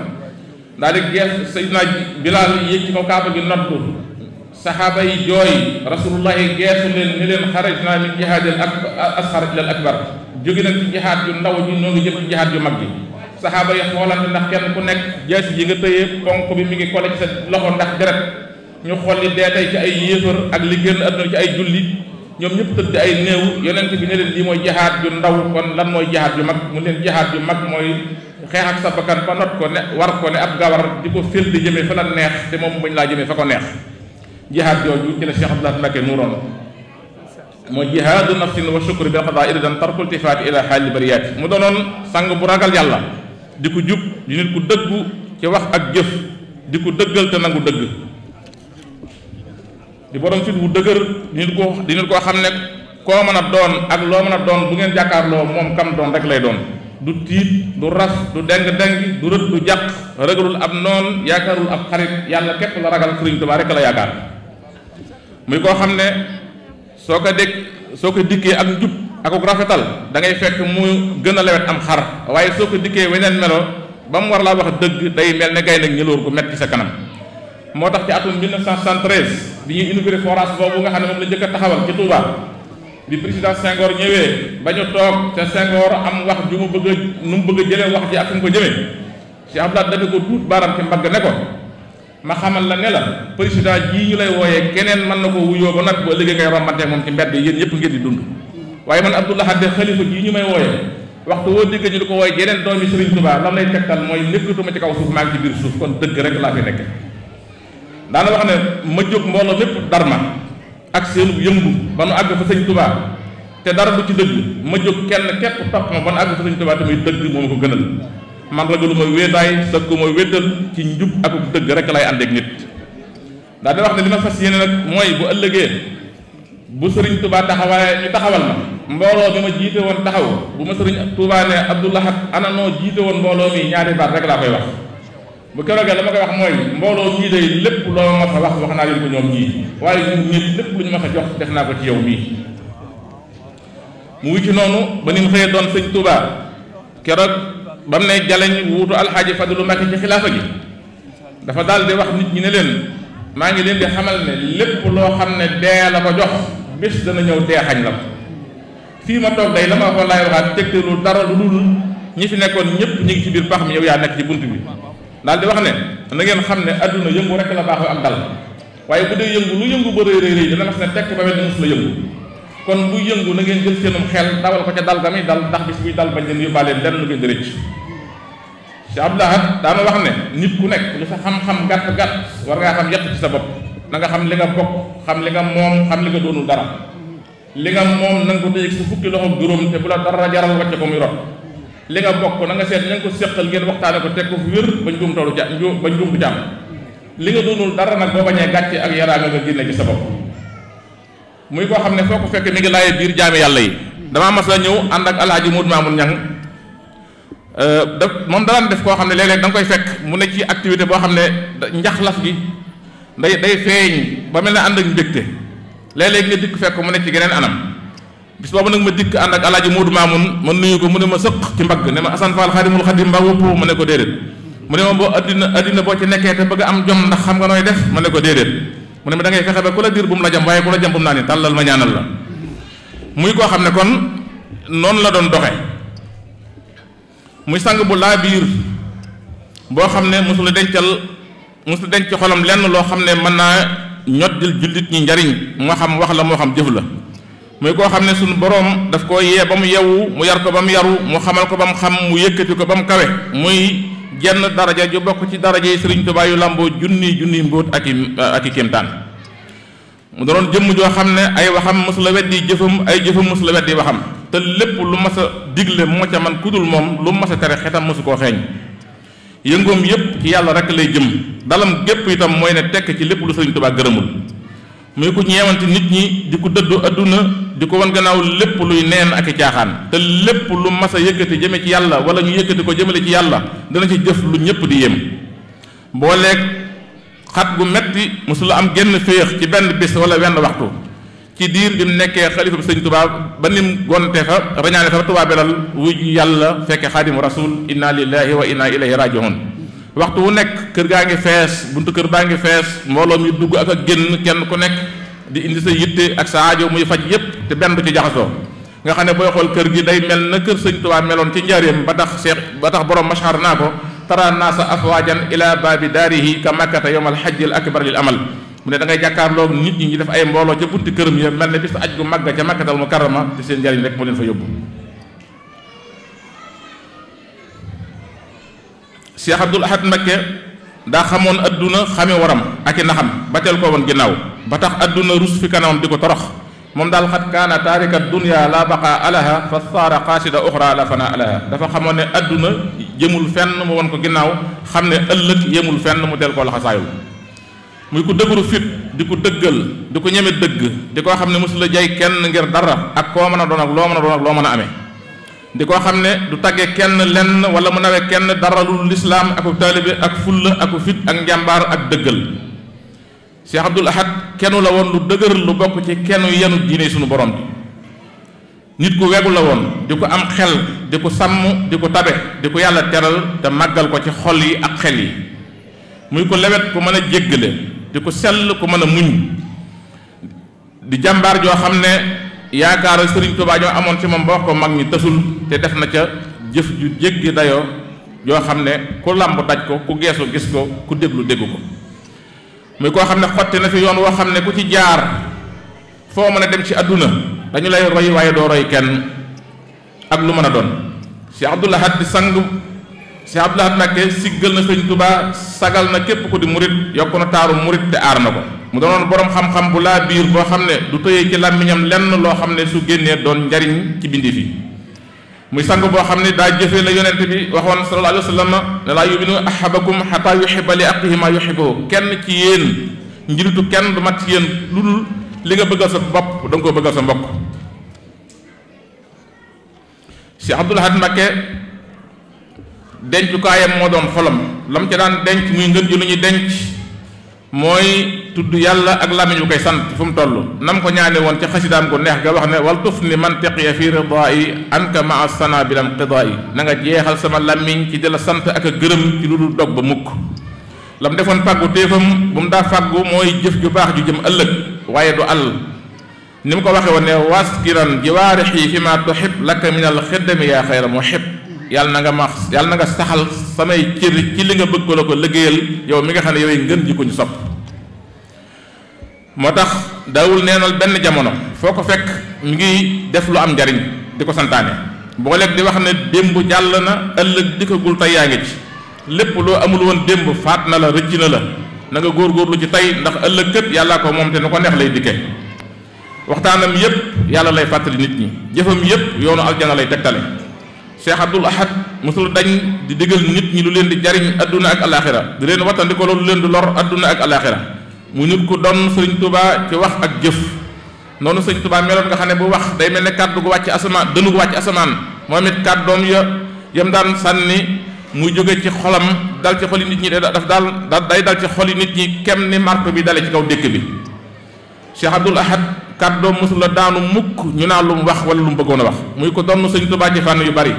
daal di gees sayyidina Bilaal yéeg ci kaw kaaba gi noddu saxaaba yi jooy rasulullahi geesu leen ni leen xaraj naa min jihaadil ak asxar ilal akbar jóge nañ ci jihaad yu ndaw ji ñoo ngi jëm ci yu mag bi saxaaba yi xoolante ndax kenn ku nekk jaasi ji nga tëye ponk bi mi ngi kole ci sa loxo ndax ñu xool li dee tey ci ay yéefar ak li génn àdduna ci ay jullit ñoom ñëpp tëdd ay néew yonent bi ne leen lii mooy jihaad ju ndaw kon lan mooy jihaad ju mag mu leen jihaad ju mag mooy xeex ak sa bakkan ba not ko ne war ko ne ab gawar di ko fél di jëmee fa la neex te moom bañ laa jëmee fa ko neex jihaad jooju ci la Cheikh Abdoulaye Mbacké nuuroon mooy jihaadu nafsin wa shukri bil qadaa iridan tarkul tifaati ila xaali bariyaati mu doonoon sang bu ragal yàlla di ko jub di nit ku dëggu ci wax ak jëf di ko dëggal te nangu dëgg di borom fit wu dëgër di nit koo di nit koo xam ne koo mën a doon ak loo mën a doon bu ngeen jàkkaarloo moom kam doon rek lay doon du tiit du raf du deng-deng du rët du jàq ragalul ab noon yaakaarul ab xarit yàlla képp la ragal Sëriñ Tuubaa rek la yaakaar muy koo xam ne soo ko dégg soo ko dikkee ak njub ak rafetal dangay ngay fekk mu gën a lewet am xar waaye soo ko dikkee weneen melo ba mu war laa wax dëgg day mel ne gaynde nag ñëloor ko met sa kanam moo tax ci atum 1973 bi ñuy inauguré forage boobu nga xam ne moom la njëkk a taxawal ci Touba bi président Senghor ñëwee ba ñu toog te Senghor am wax ju mu bëgg nu mu bëgg a jëlee wax ji ak fu mu ko jëmee Cheikh Abdoulaye ko tuut baaram ci mbagg ne ko ma xamal la ne la président jii ñu lay wooyee keneen mën na ko wuyoo ba nag ba liggéey ngay rombante moom ci mbedd yéen ñëpp ngeen di dund waaye man Abdou Lahad xalifa jii ñu may wooyee waxtu woo dégg ci kaw suuf maa ngi ci biir suuf daana wax ne ma jóg mbooloo mépp dar ma ak seen yëngu ba nu àgg fa sëñ tubaa te dara du ci dëgg ma jóg kenn képp topp ma ba nu àgg fa sëñ tubaa te muy dëgg moo a ko gënal man ragalu ma wéetaay sëggu ma wéetal ci njub ak dëgg rek lay àndeek nit daal di wax ne li ma fas yéene nag mooy bu ëllëgee bu sëriñ tubaa taxawaay ñu taxawal ma mbooloo bi ma jiite woon taxaw bu ma sëriñ tubaa ne abdoulahat ananoo jiite woon mbooloo mi ñaari baat rek la koy bu keroogee la ma koy wax mooy mbooloo ñii day lépp loo ma fa wax wax naa leen ko lépp lu ñu ma jox def naa ko ci yow mii mu wucci noonu ba ni mu xëyee doon sëñ Touba keroog ba mu ne jaleñ wuutu alxaaji Fadilu Mbàkke ci xilaafa gi dafa daal di wax nit ñi ne leen maa ngi leen di xamal ne lépp loo xam ne dee la ko jox bés dana ñëw dee xañ la ko fii ma toog day la ma waxoon laay waxaat tegte lu dara lu dul ñi fi nekkoon ñëpp ñu ngi ci biir pax mi yow yaa nekk ci bunt bi daal di wax ne na ngeen xam ne adduna yëngu rek la baaxoo am dal waaye bu dee yëngu lu yëngu ba rëy rëy rëy dana wax ne tekk ba mel ni la yëngu kon bu yëngu na ngeen jël seenum xel dawal ko ca dal ga muy dal ndax bis buy dal bañ leen yóbbaaleen lenn lu ngeen di si si abdulahat daana wax ne nit ku nekk lu sa xam-xam gàtt gat war ngaa xam yett ci sa bopp na xam li nga bokk xam li nga moom xam li nga doonul dara li nga moom na nga ko téye sa fukki loxo juróom te bu la dara jaral wàcce ko muy li nga bokk na nga seet na ko seqal ngeen waxtaane ko teg ko fu wér bañ juum talu ja bañ juum du jàmm li nga doonul dara nag boo bañee gàcce ak yaraanga nga génne ci sa bopp muy koo xam ne foo ko fekk mi ngi laaye biir jaame yàlla yi damaa mas la ñëw ànd ak alaaji Modou Mamoun Niang euh, da moom daan def koo xam ne léeg danga koy fekk mu ne ci activité boo xam ne njax njaxlaf gi day day feeñ ba mel ne ànd ak mbégte léeg-léeg nga dikk fekk mu ne ci geneen anam bis boobu nag ma dikk ànd ak alaaji Moodu Maamun ma nuyu ko mu ne ma sëq ci mbagg ne ma Assane Fall xaadimul xadim mbaa wópp ma ne ko déedéet mu ne ma boo addina addina boo ci nekkee te bëgg am jom ndax xam nga nooy def ma ne ko déedéet mu ne ma da ngay fexe ba ku la diir bu mu la jam waaye ku la jam bu mu naa ni tàllal ma ñaanal la muy koo xam ne kon noonu la doon doxe muy sang bu laa biir boo xam ne mosula dencal mosula denc xolam lenn loo xam ne mën naa ñoddil jullit ñi njariñ moo xam wax la moo xam jëf la muy koo xam ne suñu boroom daf ko yee ba mu yewwu mu yar ko ba mu yaru mu xamal ko ba mu xam mu yëkkati ko ba mu kawe muy jenn daraja ju bokk ci daraja yi Sëriñ Tuubaa yu làmboo junni junni mbóot ak i ak i kéemtaan mu doon jëmm joo xam ne ay waxam mos la weddi jëfam ay jëfam mos weddi waxam te lépp lu mas a digle moo ca man kudul moom lu masa a tere xetam mosu koo xeeñ yëngoom yépp ci yàlla rekk lay jëm dalam gépp itam mooy ne tekk ci lépp lu Sëriñ Tuubaa gërëmul muy ku ñeewante nit ñi di ko dëddu adduna di ko won gannaaw lépp luy neen ak i caaxaan te lépp lu mas a yëkkati jëme ci yàlla wala ñu yëkkati ko jëmale ci yàlla dana ci jëf lu ñëpp di yem booleeg xat gu metti mosula am genn féex ci benn bis wala wenn waxtu ci diir bi mu nekkee xalifa bi sëñ Tuubaa ba nim gonte fa rañaane fa Tuubaa belal wuy yàlla fekke xaadimu rasul inna lillahi wa inna ilayhi rajiun waxtu wu nekk kër gaa ngi fees buntu kër baa ngi fees mbooloo mi dugg ak ak génn kenn ku nekk di indi sa yitte ak sa aajo muy faj yépp te benn du ci jaxasoo nga xam ne booy xool kër gi day mel na kër sëñ Tuubaa meloon ci njaareem ba tax seex ba tax borom mashar naa ko taraan tara naasa afwaajan ila baabi daarihi ka makkata yowmal hajjil akbar lil amal mu ne da ngay jàkkaarloog nit ñi ñu def ay mbooloo ca kër këram ya mel ne bis aj gu màgg ca makkatal mukarrama te seen njariñ rek moo leen Cheikh Abdoul Ahad Mbacké daa xamoon adduna xame waram ak i naxam ba teel ko woon ginnaaw ba tax àdduna rus fi kanamam di ko torox moom daal xat kaana taarika dunya la baqa alaha fa saara qaasida la fana alaha dafa xamoon ne àdduna yëmul fenn mu woon ko ginnaaw xam ne ëllëg yëmul fenn mu teel koo laxasaayul mu ko dëgëru fit di ko dëggal di ko ñeme dëgg di koo xam ne mosula jay kenn ngir dara ak koo mën a doon ak loo mën a doon ak loo mën a amee di ko xam ne du tagge kenn lenn wala mu nawe kenn dara lu lislaam aku taalibe ak fulla aku fit ak njàmbaar ak dëggal Cheikh Abdul Ahad kennu la woon lu dëgër lu bokk ci kenn yenu diine suñu borom bi nit ku wegu la woon di ko am xel di ko sàmm di ko tabe di ko yàlla teral te màggal ko ci xol yi ak xel yi muy ko lewet ku mën a jéggale di ko sell ku mën a muñ di jàmbaar joo xam ne yaakaara sëriñ Tuubaa ñoo amoon ci moom ba wax ko mag ñi tësul te def na ca jëf ju jéggi dayoo yoo xam ne ku làmb daj ko ku geesu gis ko ku déglu dégg ko muy koo xam ne xotti na fi yoon woo xam ne ku ci jaar foo mën a dem ci àdduna dañu lay roy waaye doo roy kenn ak lu mën a doon Cheikh Abdoul Ahad di Cheikh Abdou Lahad Mbacké siggal na sëñ Tuubaa sagal na képp ku di murit yokk na taaru murit te aar na ko mu doonoon borom xam-xam bu laa biir boo xam ne du tëye ci làmmiñam lenn loo xam ne su génnee doon njariñ ci bindi fi muy sang boo xam ne daa jëfee la yonent bi waxoon sallallahu alayhi wa sallam ne laa yuminu ahabakum xataa yuhiba li aqihi ma yuhibuhu kenn ci yéen njiritu kenn du mat ci yéen lu dul li nga bëggal sa bopp da nga koo bëggal sa mbokk Cheikh Abdou Lahad dencukaayam moo doon xolam lam ca daan denc muy ngën ji lu ñuy denc mooy tudd yàlla ak làmmiñ bu koy sant fu mu toll nam ko ñaane woon ca xasidaan ko neex ga wax ne wal tuf ni man teqiya fi ridaa yi anka maa sana bilam qidaa nanga na nga jeexal sama làmmiñ ci di la sant ak a gërëm ci lu dul dog ba mukk la mu defoon fàggu téefam bu mu daa fàggu mooy jëf ju baax ju jëm ëllëg waaye du àll ni mu ko waxee woon ne waskiran jiwaarixi fi ma tuhib laka min al xidami yaa xayra muhib yàlla na nga ma yàlla na nga saxal samay cër ci li nga bëgg ko la ko liggéeyal yow mi nga xam ne yowey ngën ji ko ñu sopp moo tax daawul neenal benn jamono foo ko fekk mi ngi def lu am njariñ di ko santaane booleeg di wax ne démb jàll na ëllëg dikkagul tey yaa ngi ci lépp loo amul woon démb faat na la rëcc na la na nga góorgóorlu ci tey ndax ëllëg kët yàllaa ko moom te nu ko neex lay dikke waxtaanam yépp yàlla lay fàttali nit ñi jëfam yépp yoonu aljana lay tegtale Cheikh Abdoul Ahad mosul dañ di digal nit ñi lu leen di jariñ adduna ak alaxira di leen wattandi ko loolu leen di lor adduna ak alaxira mu nit ku doon sëriñ Tuubaa ci wax ak jëf noonu sëriñ Tuubaa meloon nga xam ne bu wax day mel ne kàddu gu wàcc asamaan dënu gu wàcc asamaan moom it kàddoom ya yam daan sànni muy jóge ci xolam dal ci xoli nit ñi daf daal day dal ci xoli nit ñi kem ni marto bi dale ci kaw dëkk bi Cheikh Abdoul Ahad kàddoom mosul la daanu mukk ñu naa lu mu wax wala lu mu wax muy ko doon sëriñ Tuubaa ci fànn yu bari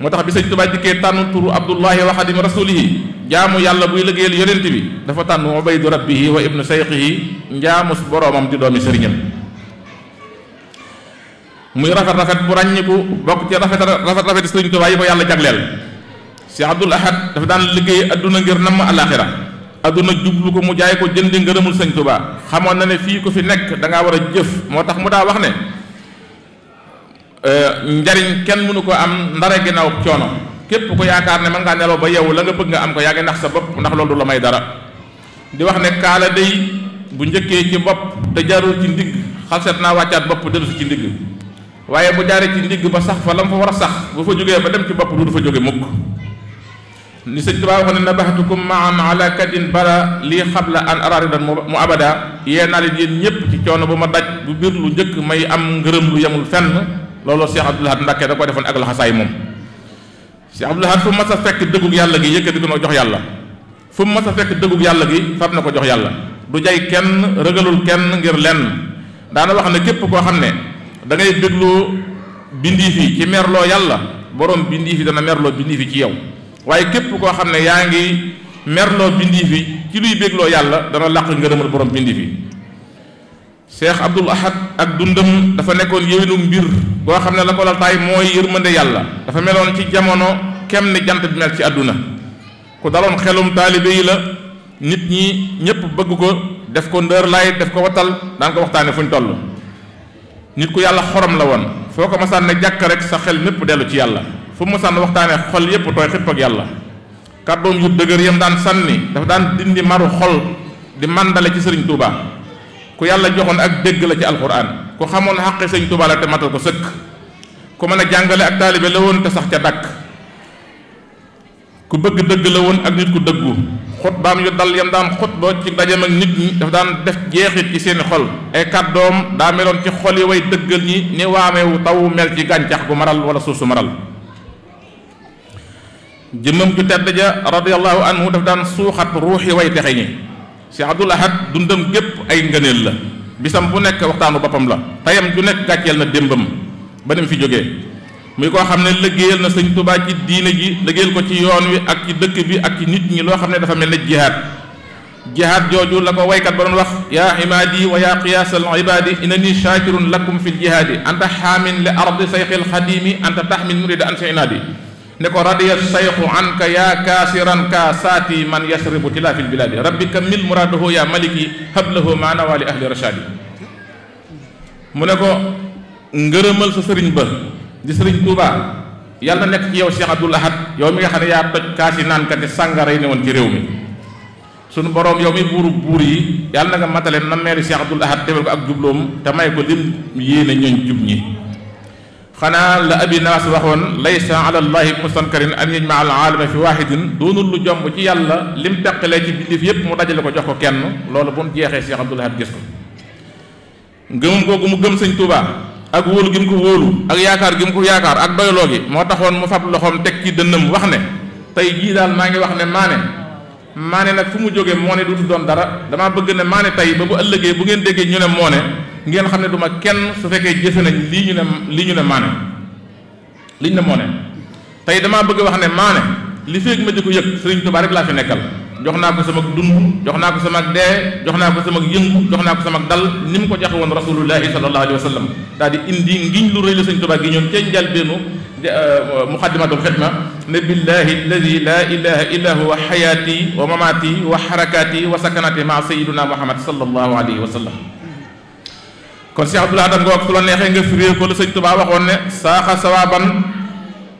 moo tax bi sëñ Tuubaa dikkee tànn turu abdullahi wa xadim rasulihi jaamu yàlla buy liggéeyal yonent bi dafa tànn bay ubaydu rabbihi wa ibnu sayxihi njaamu boroomam di doomi sëriñam muy rafet rafet bu ràññiku bokk ci rafet rafet rafet sëriñ Tuubaa yi ko yàlla jagleel si abdul ahad dafa daan liggéey adduna ngir namm alaxira adduna jublu ko mu jaay ko jëndi ngërëmul sëñ Tuubaa xamoon na ne fii ko fi nekk da war a jëf moo tax mu daa wax ne Euh, njariñ kenn mënu ko am ndare ginnaaw coono képp ku yaakaar ne mën ngaa nelaw ba yeewu la nga bëgg nga am ko yaa ngi nax sa bopp ndax loolu la may dara di wax ne kaala day bu njëkkee ci bopp te jaarul ci ndigg xalset naa wàccaat bopp dellu si ci ndigg waaye bu jaaree ci ndigg ba sax fa la mu fa war a sax bu fa jógee ba dem ci bopp du fa jóge mukk ni sëñ Tuubaa wax ne nabaxtukum maam ala kadin bara lii xabla an araridan mu abada yee naa leen yéen ñépp ci coono bu ma daj bu biir lu njëkk may am ngërëm lu yemul fenn looloo Cheikh Abdoul Ahad Mbacké da ko defoon ak laxasaay moom Cheikh Abdoul fu mas a fekk dëggug yàlla gi yëkkati ko na jox yàlla fu mas a fekk dëggug yàlla gi fab na ko jox yàlla du jay kenn rëgalul kenn ngir lenn daana wax ne képp koo xam ne dangay ngay dégloo bindii fi ci merloo yàlla borom bindii fi dana merloo bindii fi ci yow waaye képp koo xam ne yaa ngi merloo bindii fi ci luy bégloo yàlla dana làq ngërëmal borom bindii fi Cheikh Abdoul Ahad ak dundam dafa nekkoon yéwénu mbir boo xam ne la ko la taay mooy yërmande yàlla dafa meloon ci jamono kem ni jant bi mel ci àdduna ku daloon xelum taalibe yi la nit ñi ñépp bëgg ko def ko ndër laay def ko watal daan ko waxtaane fu ñu toll nit ku yàlla xorom la woon foo ko masaan ne jàkk rek sa xel mépp dellu ci yàlla fu mu masaan waxtaane xol yépp tooy xipp ak yàlla kàddoom yu dëgër yam daan sànni dafa daan dindi maru xol di mandale ci sëriñ Touba. ku yàlla joxoon ak dégg la ci alxuraan ku xamoon a sëñ Tuubaa la te matal ko sëkk ku mën a jàngale ak taalibe la woon te sax ca dàkk ku bëgg dëgg la woon ak nit ku dëggu xutbaam yu dal yam daan xutba ci dajam ak nit ñi dafa daan def jeexit ci seeni xol ay kàddoom daa meloon ci xol yi way dëggal ñi ni waamewu taw mel ci gàncax gu maral wala suuf su maral jëmmam ju tedd ja radiyallahu anhu daf daan suuxat ruuxi way texe ñi Cheikh Abdoul Ahad dundam gépp ay ngëneel la bisam bu nekk waxtaanu boppam la tayam ju nekk gàcceel na démbam ba dem fi jógee muy koo xam ne liggéeyal na sëñ Tuubaa ci diine ji liggéeyal ko ci yoon wi ak ci dëkk bi ak ci nit ñi loo xam ne dafa mel ne jihaad jihaad jooju la ko waykat ba doon wax yaa imaadi wa yaa qiyaasal ibaadi innani shaakirun lakum fi ljihaadi anta xaamin li ardi sayxil xadimi anta taxmin murida an fi inaadi ne ko radiya sayxu anka yaa kaasiran ka saati man yasribu tilaafil bilaadi rabbi kamil muraadahu yaa maliki hablahu maana waali ahli rashadi mu ne ko ngërëmal sa sëriñ ba di sëriñ Tuubaa yàlla na nekk ci yow Cheikh Abdoul Ahad yow mi nga xam ne yaa toj kaasi naan kat sàngara yi ne woon ci réew mi sunu boroom yow mi buuru buur yi yàlla na nga matale na meeri Cheikh Abdoul Ahad defal ko ak jubloom te may ko lim yéene ñooñ jub ñi xanaa la abi naas waxoon laysa ala llahi mustankarin an yajmaa al aalama fi waahidin doonul lu jomb ci yàlla lim teqalee ci bindéef yépp mu dajale ko jox ko kenn loolu bu mu jeexee Cheikh Abdoul Ahad gis ko ngëmam mu gëm sëñ Tuubaa ak wóolu gi mu ko wóolu ak yaakaar gi mu ko yaakaar ak doyloo gi moo taxoon mu fab loxoom teg ci dënnam wax ne tey jii daal maa ngi wax ne maane ne ne nag fu mu jógee moo ne duutu doon dara damaa bëgg ne maane tey ba bu bu ngeen déggee ñu ne ngeen xam ne du ma kenn su fekkee jëfe nañ lii ñu ne lii ñu ne maane liñ ne moo ne tey damaa bëgg wax ne maane li feeg ma di ko yëg Sëriñ Tuubaa rek laa fi nekkal jox naa ko sama dund jox naa ko sama dee jox naa ko sama yëngu jox naa ko sama dal ni mu ko joxe woon rasulullahi sallallahu alayhi wa sallam daal di indi ngiñ lu rëy la Sëriñ Tuubaa gi ñoom cee njalbeenu euh, muqaddimatul xidma ne billahi alladi la ilaha illa huwa xayaati wa mamaati wa xarakaati wa sakanaati maa sayiduna muhammad sallallahu alayhi wa sallam kon Cheikh laa Ahad ngoog su la neexee nga firée ko la sëñ Tuubaa waxoon ne saaxa sawaaban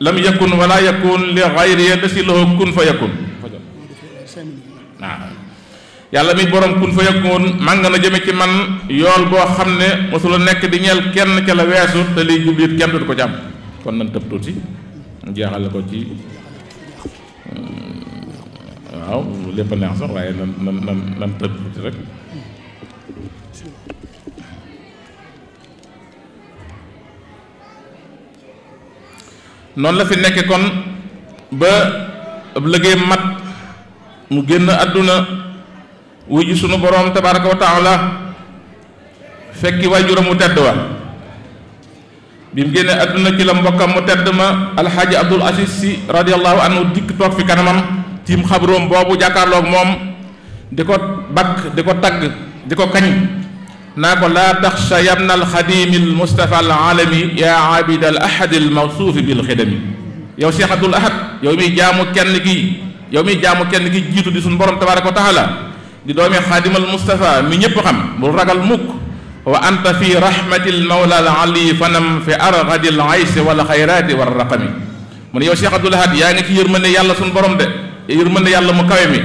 lam yakun wala yakun li xayriya da si loxo kun fa yakun waaw yàlla mi borom kun fa yakun màng na jëme ci man yool boo xam ne mosula nekk di ñeel kenn ca la weesu te liy gublit kenn du ko jàmm kon nan tëb tuuti jeexal ko ci waaw lépp neex sax waaye nan nan nan nan tëb tuuti rek noonu la fi nekk kon ba ab liggéey mat mu génn àdduna wuji sunu boroom tabaraka wa taala fekki waajuram mu tedd wa bi mu génnee àdduna ci la mbokkam mu tedd ma alxaaji abdul asis si radiallahu anhu dikk toog fi kanamam tiim xabroom boobu jàkkaarloog moom di ko bakk di ko tagg di ko kañ naa ko laa taxsha yabna alxadimi almustafa alalami yaa abida al ahadi almawsuufi bilxidami yow Cheikh Abdoul Ahad yow miy jaamu kenn gi yow miy jaamu kenn gi jiitu di suñu borom tabaraka wa taala di doomi xaadimal mustafa mi ñëpp xam bul ragal mukk wa anta fi rahmatil mawla al ali fanam fi argadil aysi wa xayraati war raqami mu ne yow Cheikh Abdoul Ahad yaa ngi ci yërmande yàlla suñu borom de mën yërmande yàlla mu kawe mi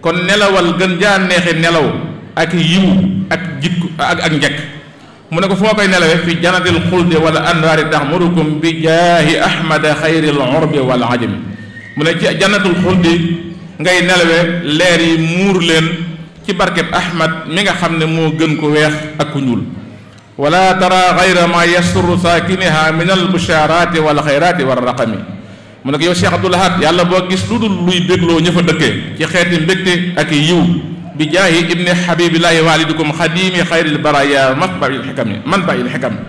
kon nelawal gën jaa neexi nelaw ak yiw ak jikk ak ak njekk mu ne ko fu ma koy nelawe fi janatil xulde wala anwaari taxmurukum bi jaahi ahmada xayril urbi wal ajami mu ne ci janatul xulde ngay nelawe leer yi muur leen ci barkeb ahmad mi nga xam ne moo gën ko weex ak ku ñuul wala tara xayra ma yasturu saakiniha min al bushaaraati wal xayraati wal raqami mu ne ko yow Cheikh Abdoul Ahad yàlla boo gis lu dul luy bégloo ña fa dëkkee ci xeeti mbégte ak yiw bi jaahi ibni habibillahi walidikum xadimi xayril baraya man bayil xikami man bayil xikami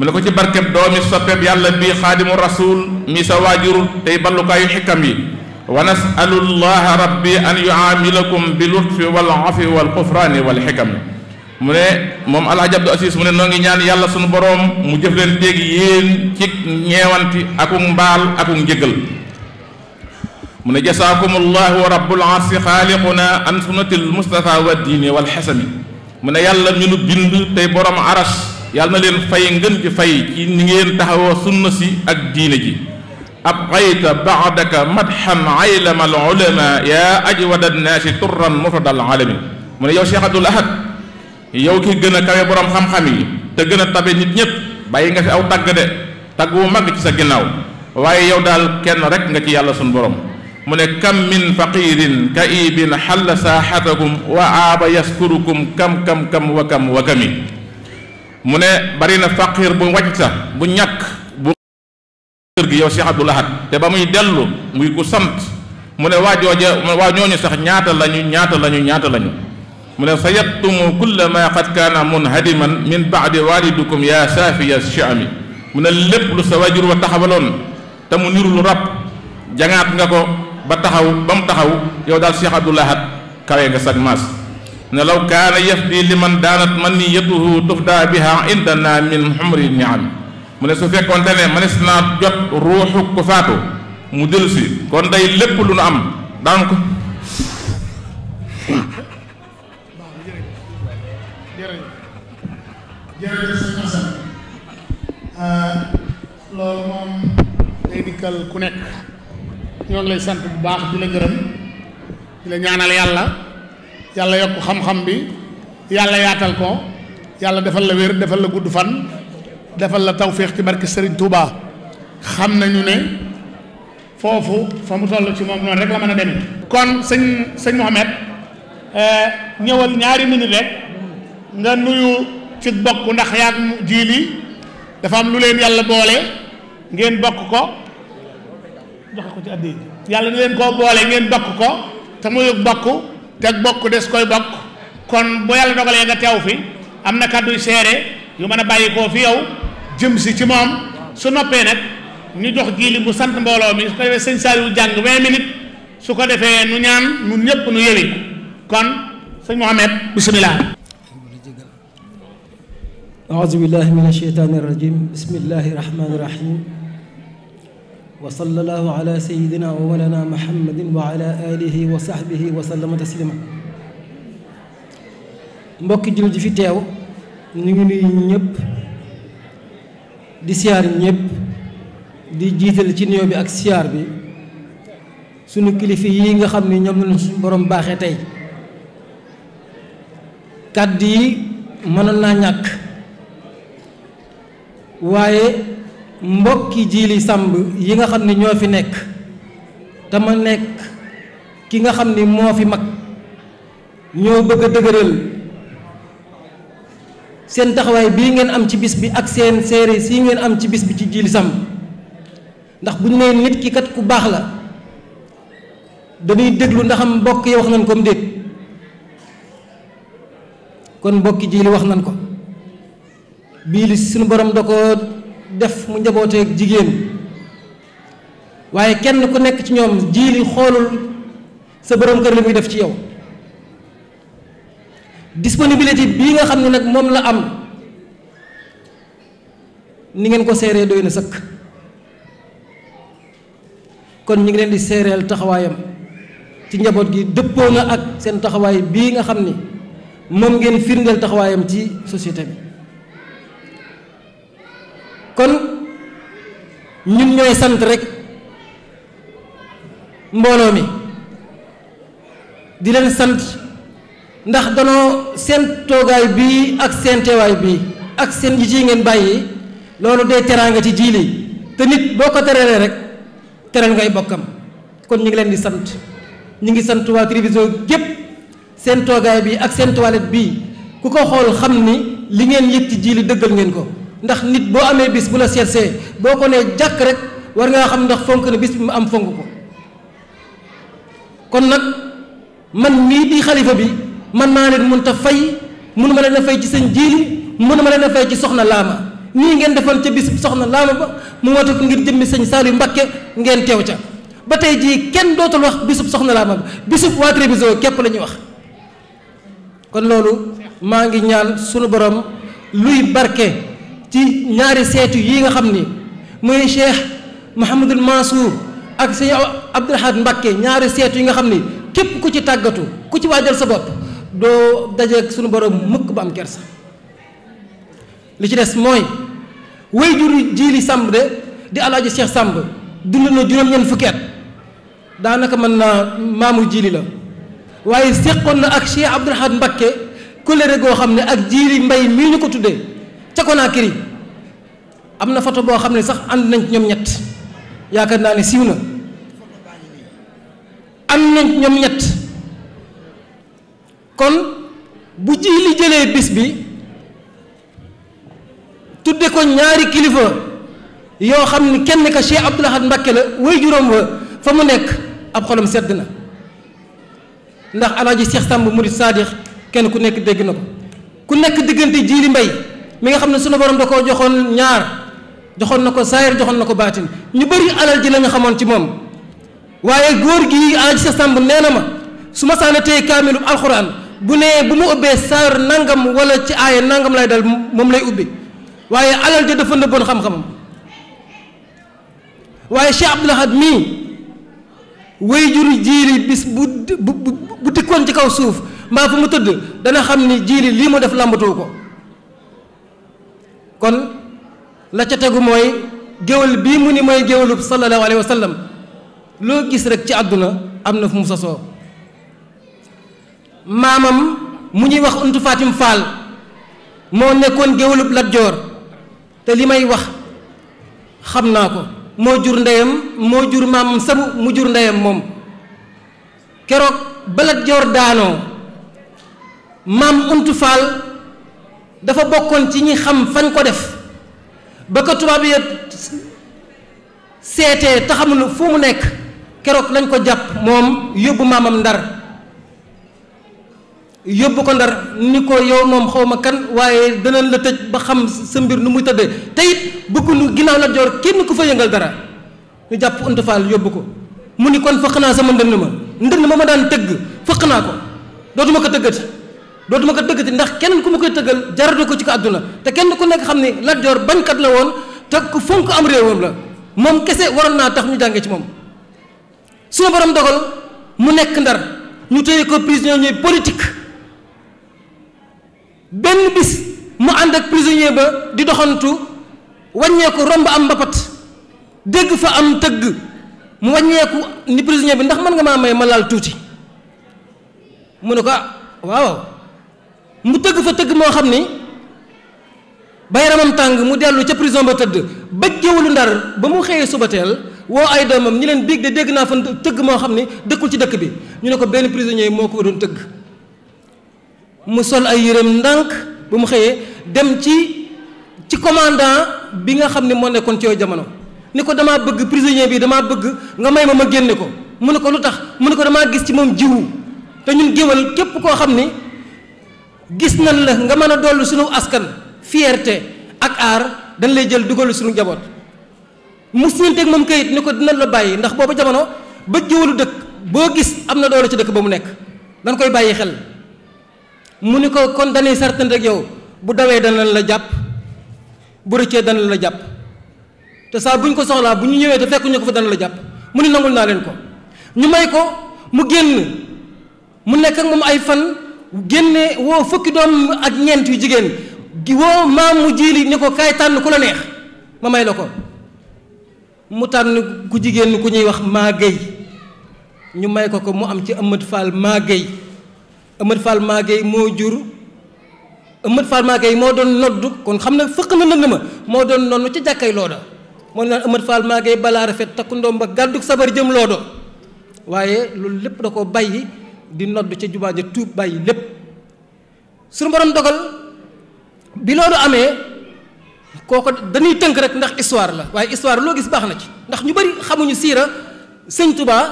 mu ne ko ci barkeb doomi soppeeb yàlla bi xaadimu rasul mi sa waajur tey ballukaayu xikam yi wa nasalullaha rabbi an yuamilakum bi lutfi wal afi wal xufraani wal xikami mu ne moom alhaji Abdou Aziz mu ne noo ngi ñaan yàlla sunu boroom mu jëf leen dégg yéen ci ñeewanti akuk mbaal akuk njëgal mu ne jasaakumullahu wa rabbul arsi xaaliquna an sunnatil mustafa wa diine wal xesami mu ne yàlla ñu nu bind tey borom aras yàlla na leen fay ngën ci fay ci ñi ngeen taxawoo sunna si ak diine ji ab xayta baadaka madxan aylama al ulama yaa ajwada annaasi turran mufrad al mu ne yow Cheikh Abdoul Ahad yow ki gën a kawe borom xam-xam yi te gën a tabe nit ñépp bàyyi nga fi aw tagg de tagg wu mag ci sa ginnaaw waaye yow daal kenn rek nga ci yàlla sun borom mu ne kam min faqirin ka ibin xalla saaxatakum wa aaba yaskurukum kam kam kam wa kam wa mu ne bari na faqir bu wàcc sa bu ñàkk bu kër gi yow Cheikh Abdou Lahad te ba muy dellu muy ku sant mu ne waa jooje waa ñooñu sax ñaata lañu ñaata lañu ñaata lañu mu ne sa yattumu kulla ma qad kaana munhadiman min baadi walidukum yaa saafiya shaami mu ne lépp lu sa wajur wa taxawaloon te mu niru lu rab jangaat nga ko ba taxaw ba mu taxaw yow daal Cheikh Abdou Lahad kawe nga sag maas ne law kaana yafdi li man daanat maniyatuhu tufda biha indana min xumri niam mu ne su fekkoonte ne mënees naa jot ruuxu ku mu dellu si kon day lépp lu nu am daan ko ñoo ngi lay sant bu baax di la gërëm di la ñaanal yàlla yàlla yokk xam-xam bi yàlla yaatal ko yàlla defal la wér defal la gudd fan defal la tawféex ci barke Serigne Touba xam nañu ne foofu fa mu toll ci moom noonu rek la mën a dem kon sëñ sëñ Mouhamed eh, ñëwal ñaari minute rek nga nuyu ci bokk ndax yaa ngi jiili dafa am lu leen yàlla boole ngeen bokk ko. joxe ko ci addi yàlla na leen koo boolee ngeen bokk ko te muy bokk te bokk des koy bokk kon bu yàlla dogalee nga teew fi am na kàdduy seere yu mën a bàyyi koo fi yow jëm si ci moom su noppee nag ñu jox jiili bu sant mbooloo mi su ko defee sëñ Saliou jàng su ko defee nu ñaan ñun ñëpp nu yewi kon sëñ Mohamed bisimilah aouzu billahi min asheytaani rajim bismillahi rahmaani rahim wa sallallahu ala sayidina wa walana muhammadin wa ala alihi wa sahbihi wa sallama mbokki jullit ji fi teew ñu ngi nuyu ñëpp di siyaar ñëpp di jiital ci nuyoo bi ak siyaar bi sunu kilifa yi nga xam ne ñoom lañu borom baaxee tey kàddu yi mënoon naa ñàkk waaye mbokki Djily Samb yi nga xam ne ñoo fi nekk dama nekk ki nga xam ne moo fi mag ñoo bëgg a dëgëral seen taxawaay bii ngeen am ci bis bi ak seen séeréer si ngeen am ci bis bi ci Djily Samb ndax bu ñu nee nit ki kat ku baax la danuy déglu ndax am mbokk yi wax nañ ko mu déet kon mbokki Djily wax nañ ko bii li suñu borom da ko def mu njabooteeg jigéen waaye kenn ku nekk ci ñoom jiili xoolul sa borom kër li muy def ci yow disponibilité bii nga xam ne nag moom la am ni ngeen ko seeree doy na sëkk kon ñu ngi leen di seereel taxawaayam ci njaboot gi dëppoo na ak seen taxawaay bi nga xam ni moom ngeen firndeel taxawaayam ci société bi kon ñun ñooy sant rek mbooloo mi di leen sant ndax danoo seen toogaay bi ak seen teewaay bii ak seen yi ci ngeen bàyyi loolu day teraanga ci jiili te boo ko teree rek teral ngay bokkam kon ñu ngi leen di sant ñu ngi sant waa télévision gépp seen toogaay bi ak seen toilette bi ku ko xool xam ni li ngeen yëg ci jiili dëggal ngeen ko ndax nit boo amee bis bu la seetsee boo ko nee jàkk rek war ngaa xam ndax fonk na bis bi mu am fonk ko kon nag man mii di xalifa bi man maa leen mënta fay mënu ma leen a fay ci seen jiili mënu ma leen a fay ci soxna laama nii ngeen defoon ca bis soxna laama ba mu woote ko ngir jëmmi sañ Saliou mbakke ngeen teew ca ba tey jii kenn dootul wax bisub soxna laama ba bisub waa Treviso képp la ñuy wax kon loolu maa ngi ñaan sunu borom luy barke ci ñaari seetu yi nga xam ni muy Cheikh Mouhamadul Mansour ak sëñ Abdoul Ahad Mbacké ñaari seetu yi nga xam ni képp ku ci tàggatu ku ci waajal sa bopp doo dajeeg suñu borom mukk ba am kersa li ci des mooy wéy jur jiili sàmb de di alaaji Cheikh Sàmb dund na juróom-ñeent fukki at daanaka mën na maamu jiili la waaye séqoon na ak Cheikh Abdoul Ahad Mbacké kóllëre goo xam ne ak jiili mbay mii ñu ko tuddee ca Conakry am na photo boo xam ne sax ànd nañ ñoom ñett yaakaar naa ne siiw na am nañ ñoom ñett kon bu ji li jëlee bis bi tudde ko ñaari kilifa yoo xam ne kenn ka Cheikh Abdoul Ahad la way juróom wa fa mu nekk ab xolam sedd na ndax alaaji Cheikh Samb Murid Saadix kenn ku nekk dégg na ko ku nekk diggante Jiili Mbay mi nga xam ne sunu borom da koo joxoon ñaar joxoon na ko saayir joxoon na ko baatin ñu bëri alal ji la ñu xamoon ci moom waaye góor gi alaj sa sàmb nee na ma su ma saana tey kaamilu alxuraan bu nee bu mu ubbee saayir nangam wala ci aaya nangam lay dal moom lay ubbi waaye alal ja dafa nëbboon xam-xamam waaye Cheikh Abdoul Ahad mii way juru jiili bis bu bu bu dikkoon ci kaw suuf mbaa fu mu tëdd dana xam ni jiili lii mu def làmbatoo ko kon la ca tegu mooy géwal bii mu ni mooy géwalub sallallahu alayhi wa loo gis rek ci àdduna am na fu mu sosoo maamam mu ñuy wax untu Fatim Fall moo nekkoon géwalub Lat Joor te li may wax xam naa ko moo jur ndeyam moo jur maamam sabu mu jur ndeyam moom keroog ba Lat Joor daanoo maam untu Fall dafa bokkoon ci ñi xam fañ ko def ba ko tubaab yi seetee taxamul foo mu nekk keroog lañ ko jàpp moom yóbbu maamam ndar yóbbu ko ndar ni ko yow moom xaw ma kan waaye danañ la tëj ba xam sa mbir nu muy tëddee te it bëgguñu ginnaaw la joor kenn ku fa yëngal dara ñu jàpp Anta Fall yóbbu ko mu ni kon fëq naa sama ndënd ma ndënd ma ma daan tëgg fëq naa ko dootuma ko tëggati dootuma ko dëgg tëggati ndax kenn ku ma koy tëggal jaratu ko ci ko àdduna te kenn ku nekk xam ni Lat Joor bañkat la woon te ku fonk am réewam la moom kese waroon naa tax ñu jàngee ci moom suñu borom dogal mu nekk ndar ñu téye ko prisonnier politique benn bis mu ànd ak prisonnier ba di doxantu wàññeeku romb am mbapat dégg fa am tëgg wàññeeku ni prisonnier bi ndax mën nga maa may ma laal tuuti mu ne ko ah waaw mu tëgg fa tëgg moo xam ni ba yaramam tàng mu dellu ca prison ba tëdd ba géwalu ndar ba mu xëyee suba teel woo ay doomam ñi leen biig de dégg naa fa tëgg moo xam ni dëkkul ci dëkk bi ñu ne ko benn prisonnier moo ko doon tëgg mu sol ay yéreem ndànk ba mu xëyee dem ci ci commandant bi nga xam ne moo nekkoon ci yooyu jamono ni ko damaa bëgg prisonnier bi damaa bëgg nga may ma ma génne ko mu ne ko lu tax mu ne ko damaa gis ci moom jiwu te ñun géwal képp koo xam ni gis nañ la nga mën a dollu suñu askan fierté ak aar dañ lay jël dugalu sunu njaboot mu siñanteeg moom kayit ni ko dinañ la bàyyi ndax booba jamono ba jëwalu dëkk boo gis am na doole ci dëkk ba mu nekk dañ koy bàyyi xel mu ni ko kon dañuy sartan rek yow bu dawee danañ la jàpp bu rëccee danañ la jàpp te saa bu ñu ko soxlaa bu ñu ñëwee te fekkuñu ko fa danañ la jàpp mu ni nangul naa leen ko ñu may ko mu génn mu nekk ak moom ay fan génne woo fukki doom ak ñeent yu jigéen gi woo maam mu jiili ni ko kay tànn ku la neex ma may la ko mu tànn ku jigéen ku ñuy wax maa gay ñu may ko ko mu am ci Amad Fall maa gay Amad Fall moo jur Amad Fall maa moo doon noddu kon xam na fëq na nënd ma moo doon nonnu ci jàkkay looda moo naan Amad Fall maa gay balaa rafet takku ndoom ba gàdduk sabar jëm loodo waaye loolu lépp da ko bàyyi di nodd ca jumaa ja tuub bàyyi lépp suñu borom dogal bi loolu amee kooko danuy tënk rek ndax histoire la waaye histoire loo gis baax na ci ndax ñu bari xamuñu siira sëñ Tuubaa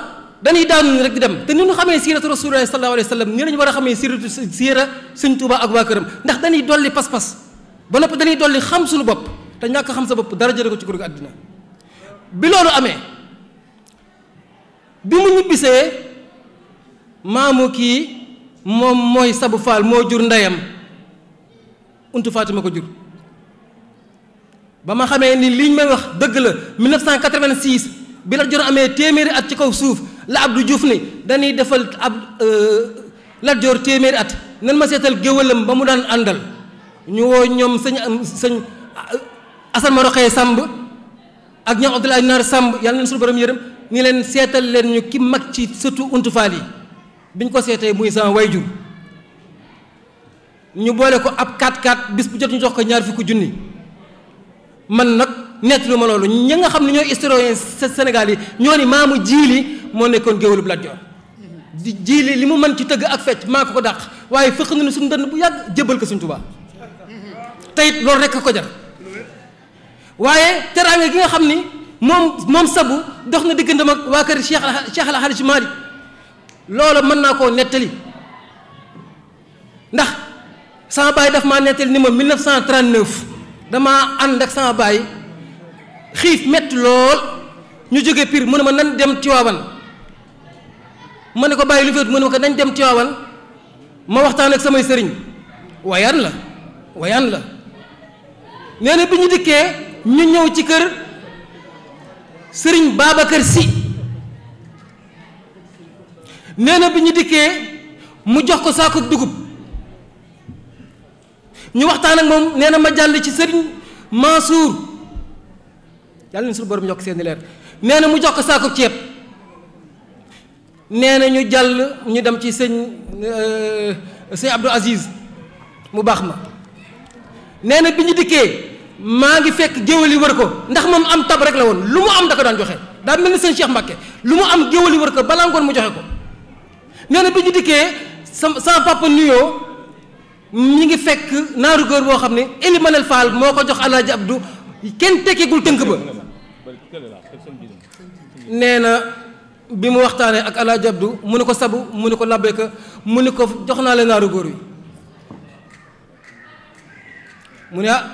danuy daanu rek di dem te ni ñu xamee siiratu Rasulullaahi sallallaahu alayhi wa sallam nii lañu war a xamee siiratu siira sëñ Tuubaa ak waa këram ndax dañuy dolli pas-pas ba noppi dañuy dolli xam suñu bopp te ñàkk xam sa bopp dara jële ko ci kuréel àddina bi loolu amee bi mu ñibbisee maamu kii moom mooy sabu faal moo jur ndeyam untu ma ko jur ba ma xamee ni liñ may wax dëgg la 1986 bi Lat Joor amee téeméeri at ci kaw suuf la ab Abdou Diouf ni dañuy defal ab euh, Lat Joor téeméeri at nan ma seetal géwëlam ba mu daan àndal ñu woo ñoom sëñ am sëñ euh, Assane Maroxee sàmb ak ñoom Abdoulaye Naar Samb yàlla na leen suñu borom yërëm ni leen seetal leen ñu ki mag ci surtout untu yi biñ ko seetee muy sama wayjur ñu boole ko ab 4-4 bis bu jot ñu jox ko ñaar fukki junni man nag nett lu ma loolu ñi nga xam ne ñooy historien Sénégal yi ñoo ni maamu jiili moo nekkoon géwëlub Lat Joor di jiili li mu mën ci tëgg ak fecc maa ko dàq waaye fëq na ne suñu dënn bu yàgg jëbal ko suñ Tuubaa loolu rekk ko jar waaye teraange gi nga xam ni moom moom sabu dox na diggante mag waa kër Cheikh Cheikh Al Hadj Malick loola mën naa koo nettali ndax sama baay daf ma nettali ni ma 1939 damaa ànd ak sama baay xiif metti lool ñu jóge Pire mu ne ma nan dem Tiwaawan ma ne ko bàyyi lu féet mu ne ko nañ dem Tiwaawan ma waxtaan ak samay sëriñ wayaan la wayaan la nee na bi ñu dikkee ñu ñëw ci kër sëriñ Babacar Si nee na bi ñu dikkee mu jox ko saako dugub ñu waxtaan ak moom nee na ma jàll ci sëriñ Mansour yàlla na suñu borom yokk seeni leer nee na mu jox ko saako ceeb nee na ñu jàll ñu dem ci sëñ euh, sëñ Abdou Aziz mu baax ma nee na bi ñu dikkee maa ngi fekk géwél yi wër ko ndax moom am tab rek la woon lu mu am da ko daan joxe daa mel ni sëñ Cheikh Mbacke lu mu am géwél yi wër ko balaa ngoon mu joxe ko nee bi ñu dikkee sama sama papa nuyoo mi ngi fekk naaru góor boo xam ne Elimanel Fall moo ko jox Alaaji Abdu kenn tekkeegul tënk ba nee na bi mu waxtaanee ak Alaaji mu ne ko sabu mu ne ko labbeeka mu ne ko jox naa la naaru góor yi mu ne ah,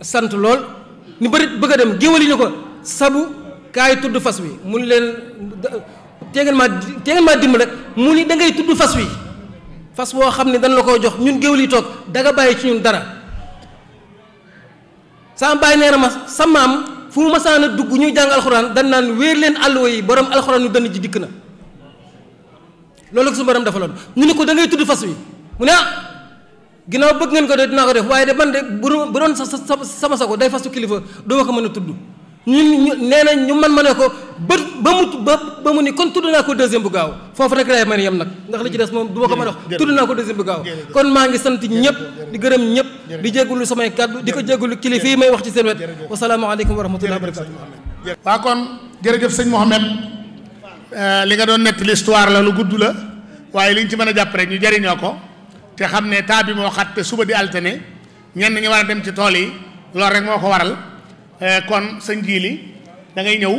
sant lool ni bëri bëgg a dem géwal yi ni ko sabu kaay tudd fas wi mun leen te ngeen maa te ngeen maa dimbali rek mu ni da tudd fas wi fas woo xam ne dañ la ko jox ñun géwél yi toog danga bàyyi ci ñun dara sama bàyyi nee na ma sa maam fu mu masaan a dugg ñuy jàng alxuraan dan naan wéer leen àlluwa yi borom alxuraan yu dënn ji dikk na loolu ko su borom dafa loon ñu ni ko da ngay tudd fas wi mu ne ah ginnaaw bëgg ngeen ko de dinaa ko def waaye de man de bu doon sa sama sago day fasu kilifa doo ko mën a tudd ñun ñu nee na ñu man ma ne ko ba ba mu ba ba mu ni kon tudd naa ko deuxième bu gaaw foofu rek laay mën a nag ndax li ci des moom du ko mën wax tudd naa ko deuxième bu gaaw kon maa ngi sant ñëpp di gërëm ñëpp di jégalu samay kàddu di ko jégalu kilifa yi may wax ci seen wet wasalaamaaleykum wa rahmatullahi wa barakatu waa kon jërëjëf sëñ Mouhamed eh, li nga doon nett l'histoire la lu gudd la waaye li ñu ci mën a jàpp rek ñu jariñoo ko te xam ne temps bi moo xat te suba di alterné ñenn ñi war dem ci tool yi loolu rek moo ko waral Eh, kon sëñ jiili da ngay ñëw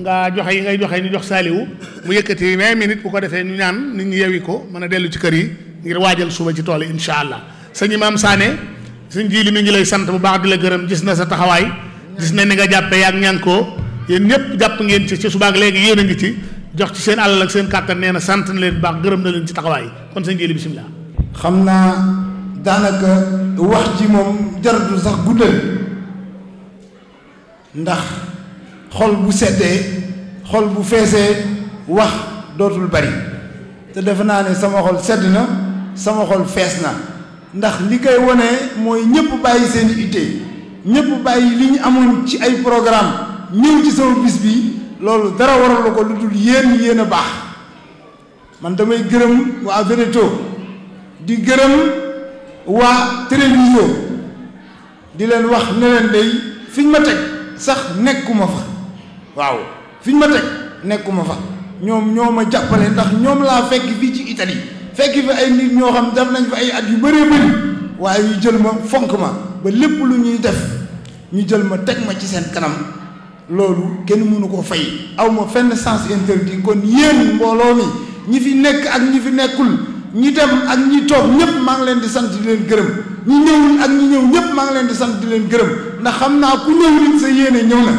nga joxe yi ngay joxe ñu jox saaliwu mu yëkkati vingt minutes bu ko defee ñu ñaan nit ñi yewi ko mën a dellu ci kër yi ngir waajal suba ci tool yi incha allah sëñ Imaam Sané sëñ jiili mi ngi lay sant bu baax di la gërëm gis na sa taxawaay gis na ni nga jàppee yaag ñaan ko yéen ñëpp jàpp ngeen ci ci subaak léegi yéen a ngi ci jox ci seen alal ak seen kàttan nee na sant na leen bu baax gërëm na leen ci taxawaay kon sëñ jiili bisimilah. xam na daanaka wax ji moom jaratu sax guddal. ndax xol bu seddee xol bu feesee wax dootul bari te defe naa ne sama xol sedd na sama xol fees na ndax li koy wone mooy ñëpp bàyyi seen ittee ñëpp bàyyi li ñu amoon ci ay programme ñëw ci sama bis bi loolu dara waralu ko lu dul yéen yéen a baax man damay gërëm waa Veneto di gërëm waa télévision di leen wax ne leen day fiñ ma teg sax nekkuma fa waaw fi ñu ma teg nekkuma fa ñoom ñoo ma jàppale ndax ñoom laa fekk fii ci itali fekk fi ay nit ñoo xam def nañ fa ay at yu bëree bëri waaye ñu jël ma fonk ma ba lépp lu ñuy def ñu jël ma teg ma ci seen kanam loolu kenn mënu ko fay awma ma fenn sens interdit kon yéen mbooloo mi ñi fi nekk ak ñi fi nekkul ñi dem ak ñi toog ñëpp maa ngi leen di sant di leen gërëm ñi ñëwul ak ñu ñëw ñëpp maa ngi leen di sant di leen gërëm ndax xam naa ku ñëwul it sa yéene ñëw na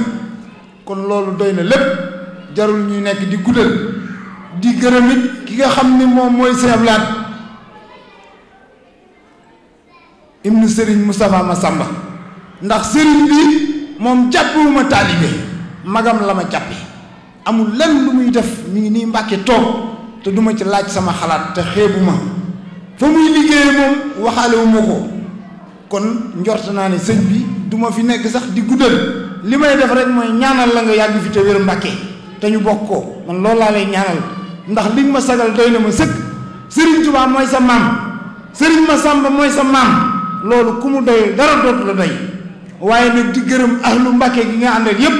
kon loolu doy na lépp jarul ñuy nekk di guddal di gërëm ki nga xam ni moom mooy Sëñ Laat ibnu Serigne Moustapha Massamba ndax Serigne bi moom jàppewuma taalibe magam la ma jàppe amul lenn lu muy def mu ngi nii Mbàkke toog te duma ci laaj sama xalaat te xeebu ma fa muy liggéeye moom waxaale ma ko kon njort naa ne sëñ bi du ma fi nekk sax di guddal li may def rek mooy ñaanal la nga yàgg fi te wér Mbàkke te ñu bokk ko man loolu laa lay ñaanal ndax li nga ma sagal doy na ma sëkk Sëriñ Tuubaa mooy sa maam Sëriñ Masamba mooy sa maam loolu ku mu doy dara dootu la doy waaye nag di gërëm ahlu Mbàkke gi nga àndal yépp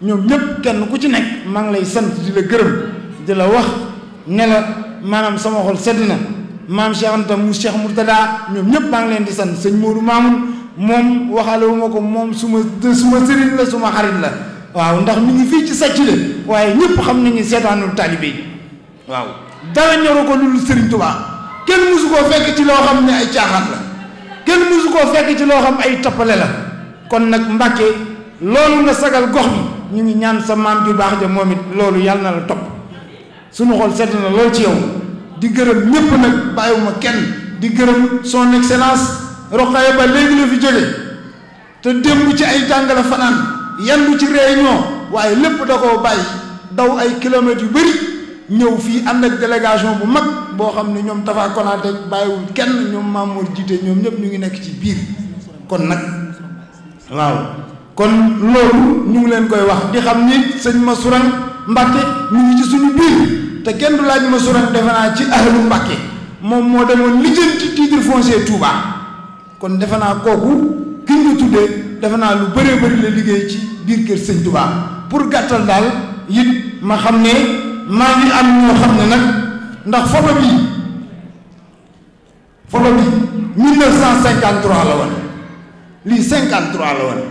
ñoom ñépp kenn ku ci nekk maa ngi lay sant di la gërëm di wax ne la maanaam sama xol sedd na maam Cheikh Anta mu Cheikh Mourtada ñoom ñëpp maa ngi leen di sant sëñ Modou Mamoun moom waxale wu ma ko moom suma suma sëriñ la suma xarit la waaw ndax mi ngi fii ci sàcc la waaye ñëpp xam nañu seetaanul taalibe yi waaw dara ñoru ko lulu sëriñ Tuubaa kenn mosu koo fekk ci loo xam ne ay caaxaan la kenn mosu koo fekk ci loo xam ay tappale la kon nag Mbàkke loolu nga sagal gox bi ñu ngi ñaan sa maam ju baax ja moom it loolu yàlla na la topp suñu xol sedd na lool ci yow di gërëm ñépp nag bàyyiwuma kenn di gërëm son excellence Rokhaya Ba léegi la fi jóge te démb ci ay jàngale fanaan yandu ci réunion waaye lépp da koo bàyyi daw ay kilomètres yu bëri ñëw fii am ak délégation bu mag boo xam ne ñoom Tafa Konaté bàyyiwul kenn ñoom Mamour jiite ñoom ñëpp ñu ngi nekk ci biir kon nag waaw kon loolu ñu ngi leen koy wax di xam ni sëñ Masouran Mbacké ñu ngi ci suñu biir te kenn du laaj ma suran defe naa ci ahlu Mbàkke moom moo demoon lijjanti titre foncier Touba kon defe naa kooku ki ñu tuddee defe naa lu bëree bëri la liggéey ci biir kër sëñ Touba pour gàttal daal it ma xam ne maa ngi am ñoo xam ne nag ndax foto bi foto bi 1953 la woon lii 53 la woon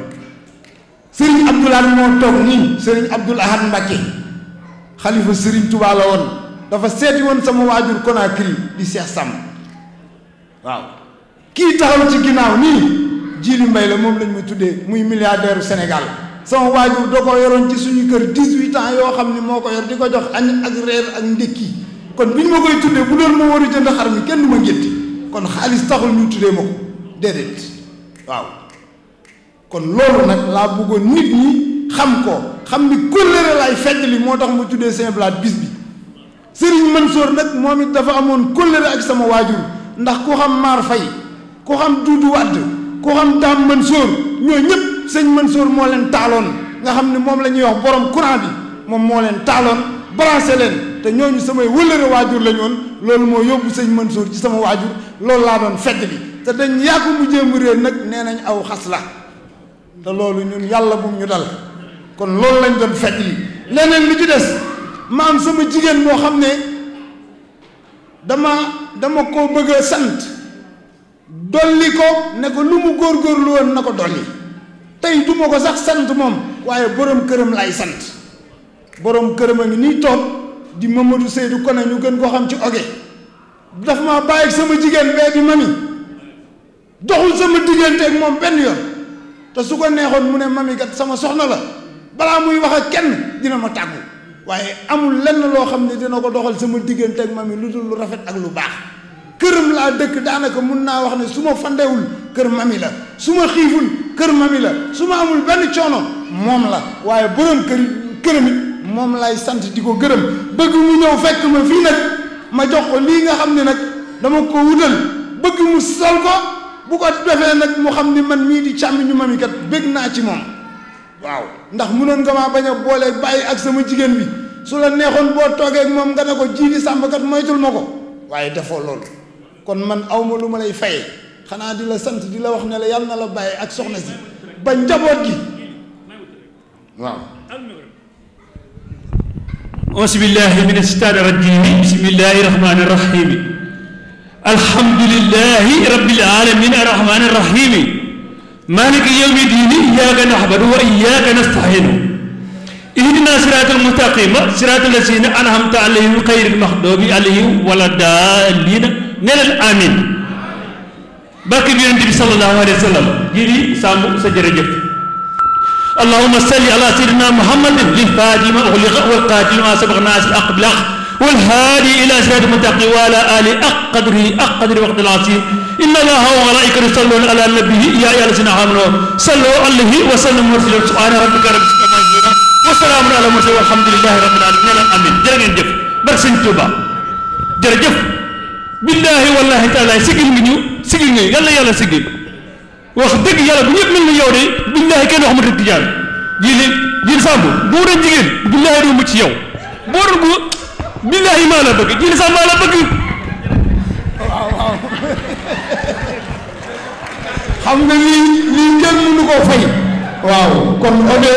Serigne Abdoul moo toog nii Serigne Abdoul Ahad xalifa sëriñ Touba la woon dafa seeti woon sama waajur Conakry di Seex Sàmm waaw kii taxaw ci ginnaaw nii Jili Mbay la moom lañ ma tuddee muy milliardaire Sénégal sama waajur da ko yoroon ci suñu kër dix-huit ans yoo xam ni moo ko yor di ko jox añ ak reer ak ndékki kon bi ñu ma koy tuddee bu doon ma war a jënd xar mi kenn du ma njëtti kon xaalis taxul ñu tuddee ma ko déedéet waaw kon loolu nag laa bëggoon nit ñi xam ko xam ni kóllëre laay fedd li moo tax mu tuddee Sëñ Abdou Lahad bis bi Serigne Mansour nag moom it dafa amoon kóllëre ak sama waajur ndax ku xam Maar Fay ku xam Duudu Wàdd ku xam Daam Mansour ñoo ñëpp sëñ Mansour moo leen taaloon nga xam ne moom la ñuy wax borom courant bi moom moo leen taaloon branché leen te ñooñu samay wëllëre waajur la ñu woon loolu moo yóbbu sëñ Mansour ci sama waajur loolu laa doon fedd bi te dañ yàqu mu jéem réer nag nee nañu aw xas te loolu yàlla bum ñu dal kon loolu lañ doon faj yi leneen li ci des ma am sama jigéen boo xam ne dama dama ko bëgg a sant dolli ko ne ko lu mu góorgóorlu woon na ko dolli tey du ma ko sax sant moom waaye borom këram lay sant borom këram a ngi nii toog di Mamadou di Koné ñu gën koo xam ci oge daf ma bàyyi sama jigéen bee di mami doxul sama diggante ak moom benn yoon te su ko neexoon mu ne mami kat sama soxna la balaa muy wax ak kenn dina ma tàggu waaye amul lenn loo xam ne dina ko doxal sama diggante ak mami lu dul lu rafet ak lu baax këram laa dëkk daanaka mun naa wax ne su ma fandewul kër mami la su ma xiiful kër mami la su ma amul benn coono moom la waaye borom kër këram it moom lay sant di ko gërëm bëgg mu ñëw fekk ma fii nag ma jox ko lii nga xam ne nag dama ko wutal bëgg mu sol ko bu ko defee nag mu xam ni man mii di càmmiñu mami kat bëgg naa ci moom waaw ndax munoon nga maa bañ a boole bàyyi ak sama jigéen bi su la neexoon boo toogee ak moom nga ne ko jiili sàmbkat moytul ma ko waaye defoo loolu kon man awma lu ma lay fayee xanaa di la sant di la wax ne la yàlla na la bàyyi ak soxna si ba njaboot gi waaw auzu billahi min ashaytaani rajim bismillahi rahmani rahim alhamdulillahi rabbil alamin arrahmani rahim maaliki yawmi diini iyyaaka na'budu wa iyyaaka nasta'iin ihdinaa siraatal mustaqiima siraatal laziina an'amta alayhim ghayril maghduubi alayhim wala daalliina ne leen amiin barke bi yonent bi sallallahu alayhi wa sallam jiri sàmm sa jërëjëf allahumma salli ala sayyidina muhammadin lil faatimi ma ughliqa wal qaatimi ma sabaqa naasir al haqq bil haqq والهادي إلى صراط المستقيم وعلى آله حق قدره حق قدر وقت العظيم إن الله وملائكته يصلون على النبي يا أيها الذين آمنوا صلوا عليه وسلموا تسليما سبحان ربك رب العزة عما يصفون وسلام على المرسلين والحمد لله رب العالمين amiin jërë ngeen jëf bar sëñ Tuuba jërëjëf billaahi wallaahi taala sigil ngi ñu sigil ngi yàlla yàlla sigil wax dëgg yàlla bu ñëpp mel ni yow de billaahi kenn wax ma dëgg tijaan ji li ji sàmb góor ak jigéen billaahi du mucc yow booru billahi maa la bëgg jili sax maa la bëgg waaw waaw xam nga lii lii kenn mënu koo fay waaw kon ode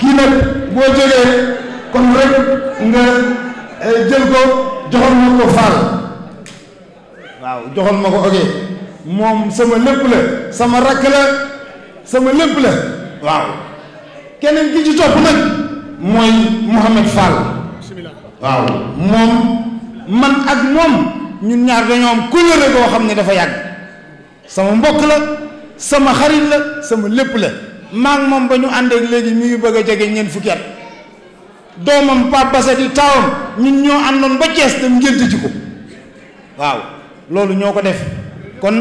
kii nag boo jógee kon rek nga eh, jël ko joxoon ma ko faal waaw joxoon ma ko oge moom sama lépp la sama rakk la sama lépp la waaw keneen ki ci topp nag mooy Mouhamed Fall waaw moom man ak moom ñun ñaar dañoo am kóllëre boo xam ne dafa yàgg sama mbokk la sama xarit la sama lépp la maa ngi moom ba ñu ànd ak léegi mi bëgg a jege ñeent fukki at doomam Pape Basa di taawam ñun ñoo àndoon ba Cees dem ngénte ji ko waaw loolu ñoo ko def kon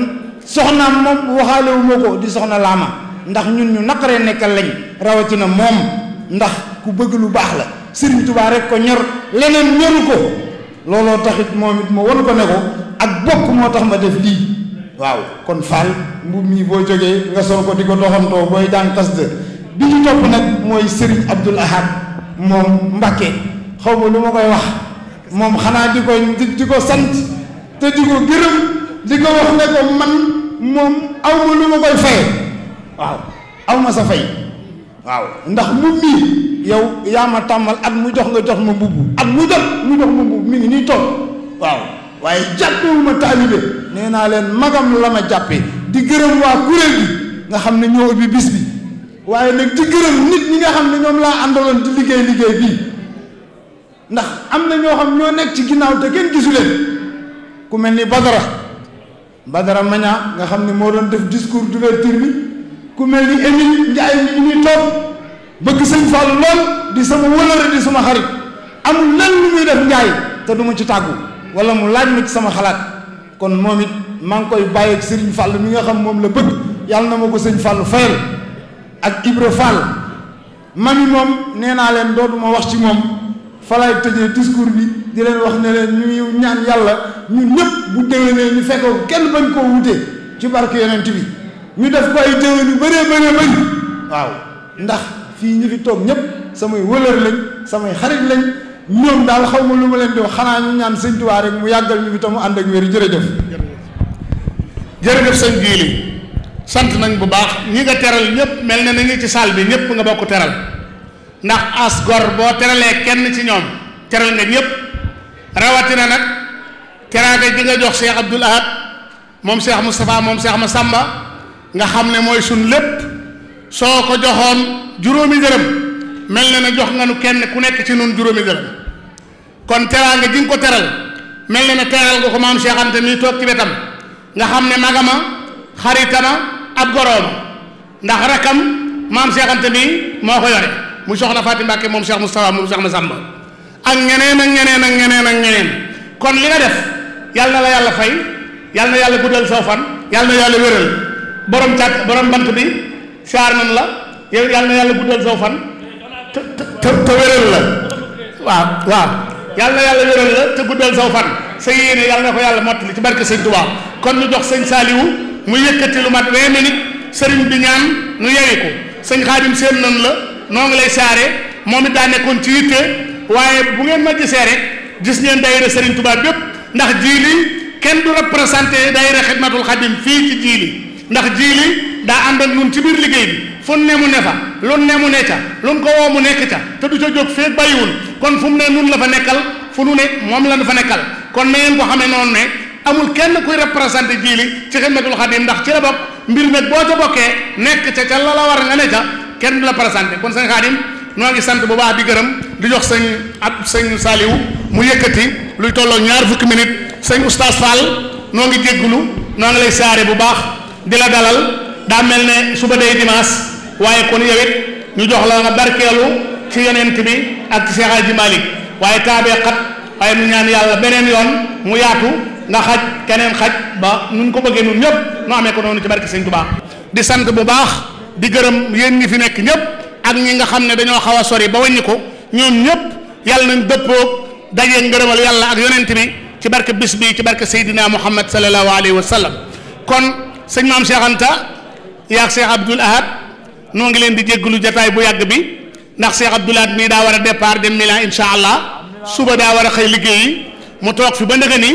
soxnaam moom waxaalewu ma ko di soxna laama ndax ñun ñu naqaree nekkal lañ rawatina moom ndax ku bëgg lu baax la sëriñ tubaa rek ko ñor leneen ñoru ko looloo taxit moom it ma wan ko ne ko ak bokk moo tax ma def lii waaw kon faal mbubb mii boo jógee nga sol ko di ko doxantoo booy jàng xasida bi ñu topp nag mooy sëriñ abdul ahad moom mbakke xaw ma lu ma koy wax moom xanaa di ko di ko sant te di ko gërëm di ko wax ne ko man moom aw ma lu ma koy faye waaw aw ma sa fay waaw ndax mu mi yow yaa ma tàmmal at mu jox nga jox ma mbubb at mu jox mu jox ma mbubb mi ngi nii toog waaw waaye jàppewu ma taalibe nee naa leen magam la ma jàppe di gërëm waa kuréel bi nga xam ne ñoo ubbi bis bi waaye nag di gërëm nit ñi nga xam ne ñoom laa àndaloon di liggéey liggéey bii ndax am na ñoo xam ñoo nekk ci ginnaaw te kenn gisu ku mel ni Badara Badara Maña nga xam ne moo doon def discours d'ouverture bi ku mel ni Émile Ndiaye mi ñuy toog bëgg sëñ Fall lool di sama wëlëre di sama xarit amul lenn lu muy def njaay te duma ci tàggu wala mu laaj ma ci sama xalaat kon moom it maa ngi koy bàyyeeg Serigne Fall mi nga xam moom la bëgg yàlla na ma ko sëñ Fall fayal ak Ibra Fall mami moom nee naa leen dootuma wax ci moom falaay tëjee discours bi di leen wax ne leen ñu ñaan yàlla ñu ñëpp bu déwénee ñu fekkoo kenn bañ koo wutee ci barke yonent bi ñu def ko ay déwén yu bëree bëree bëri waaw fii ñu fi toog ñëpp samay wëlër lañ samay xarit lañ ñoom daal xaw ma lu ma leen di wax xanaa ñu ñaan sëñ Tuubaa rek mu yàggal ñu fi tam mu ànd ak wér jërëjëf. jërëjëf sëñ Jiili sant nañ bu baax ñi nga teral ñëpp mel na ni ngi ci salle bi ñëpp nga bokk teral ndax as gor boo teralee kenn ci ñoom teral nga ñëpp rawatina nag teraanga ji nga jox Cheikh Abdoul Ahad moom Cheikh Moustapha moom seex ma sàmba nga xam ne mooy suñ lépp soo ko joxoon. juróomi dërëm mel na ne jox nga nu kenn ku nekk ci noonu juróomi dërëm kon teraanga ji nga ko teral mel na ne teral nga ko maam Cheikh Anta mi toog ci wetam nga xam ne magama xaritama ab gorooma ndax rakam maam Cheikh Anta mi moo ko yore mu soxna Faati Mbàkke moom seex Moustapha moom Cheikh Massamba ak ñeneen ak ñeneen ak ñeneen ak ñeneen kon li nga def yàlla na la yàlla fay yàlla na yàlla guddal soo fan yàlla na yàlla wéral borom càkk borom bant bi saar nan la yow yàlla na yàlla guddal saw fan te te te wéral la waaw waaw yàlla na yàlla wéral la te guddal saw fan sa yéene yàlla na ko yàlla mottali ci barke sëñ Tuubaa kon ñu jox sëñ Saaliwu mu yëkkati lu mat vingt minutes sëriñ bi ñaan nu yewi ko sëñ Xaadim seen nan la noo ngi lay saare moom it daa nekkoon ci yitte waaye bu ngeen ma gisee rek gis ngeen daayira sëriñ Tuubaa bépp ndax jiili kenn du représenté daayira Xidmatul Xaadim fii ci jiili ndax jiili daa ànd ak ci biir liggéey bi fu ne mu ne fa lu ne mu ne ca lu ko woo mu nekk ca te du ca jóg feeg bàyyiwul kon fu mu ne nun la fa nekkal fu nu ne moom la nu fa nekkal kon na ngeen ko xamee noonu ne amul kenn kuy jii jiili ci Xidmatul Xadim ndax ci la bokk mbir nag boo ca bokkee nekk ca ca la la war nga ne ca kenn du la présenté kon sëñ Xadim noo ngi sant bu baax di gërëm di jox sëñ ab sëñ saaliw mu yëkkati luy tolloo ñaar fukki minute sëñ Oustaz Fall noo ngi jéggulu noo ngi lay saare bu baax di la dalal daa mel ne suba day dimanche waaye kon yow it ñu jox la nga barkeelu ci yonent bi ak Cheikh Hadji Malick waaye taabee xat waaye ñu ñaan yàlla beneen yoon mu yaatu nga xaj keneen xaj ba nuñ ko bëggee nun ñëpp nu amee ko noonu ci barke Sëñ Tuubaa di sant bu baax di gërëm yéen ñi fi nekk ñëpp ak ñi nga xam ne dañoo xaw a sori ba wàññi ko ñoom ñëpp yàlla nañ dëppoog dajee ngërëmal yàlla ak yonent bi ci barke bis bi ci barke Seydina Muhammad sallallahu alayhi wa sallam kon sëñ maam Cheikh Anta yaag Cheikh Abdoul Ahad noo ngi leen di jéggalu jataay bu yàgg bi ndax Cheikh Abdoulaat mii daa war a départ dem Milan incha allah suba daa war a xëy liggéeyi mu toog fi ba ndëgë ni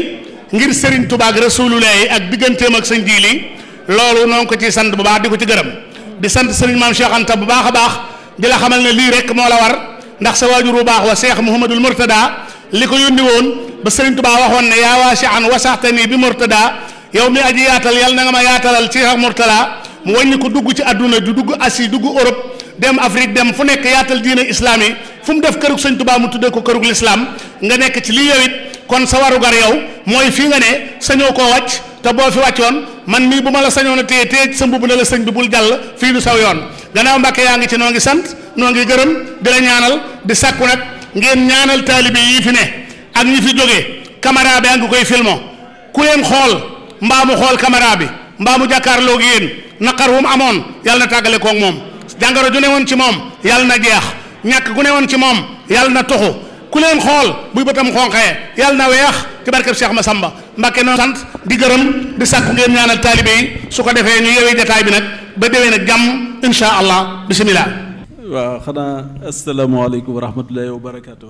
ngir Serigne Touba ak Rasulullah ak digganteem ak sëñ Jili loolu noo ngi ko ciy sant bu baax di ko ci gërëm di sant Serigne maam Cheikh Anta bu baax a baax di la xamal ne lii rek moo la war ndax sa waajur bu baax wa Cheikh Mouhamadul Mourtada li ko yónni woon ba Serigne Touba waxoon ne yaa waa si an wasaxte nii bi Mourtada yow mi aji yaatal yàlla na nga mu wàññi ko dugg ci àdduna du dugg Asie dugg Europe dem Afrique dem fu nekk yaatal diine islaam yi fu mu def kërug sëñ Tuubaa mu tuddee ko këru lislaam nga nekk ci lii yow it kon sa warugar yow mooy fii nga ne sañoo koo wàcc te boo fi wàccoon man mii bu ma la sañoon a téye téye sa mbubb na la sëñ bi bul jàll fii du saw yoon gannaaw Mbàkke yaa ngi ci noo ngi sant noo ngi gërëm di la ñaanal di sàkku nag ngeen ñaanal taalibe yi fi ne ak ñi fi jógee caméra bi a ngi koy filmo ku leen xool mbaa xool caméra bi mbaa jàkkaarloo gi naqar wu amoon yàlla na tàggale koog moom jàngoro ju ne woon ci moom yàlla na jeex ñàkk gu ne woon ci moom yàlla na toxu ku leen xool buy bëtam xonqee yàlla na weex ci barkeb ma sàmba Mbàkke noonu sant di gërëm di sàkku ngeen ñaanal taalibe yi su ko defee ñu yewi jataay bi nag ba déwén nag jàmm insha allah bisimilah. waa xanaa asalaamaaleykum wa rahmatulahi wa barakaatu.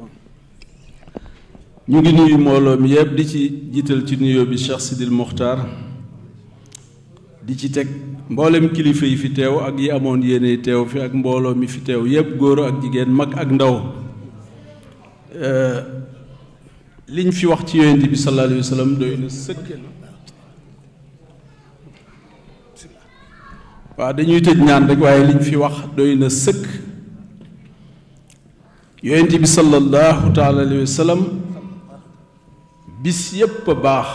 ñu ngi nuyu mbooloo mi di ci jiital ci nuyoo bi Cheikh Sidil di ci teg. mboolem kilifa yi fi teew ak yi amoon yéene teew fi ak mbooloo mi fi teew yépp góor ak jigéen mag ak ndaw euh, liñ fi wax ci yonent bi sallallahu alayhi wa sallam dañuy tëj ñaan liñ fi wax doy na sëkk yonent bi sallallahu bis yépp baax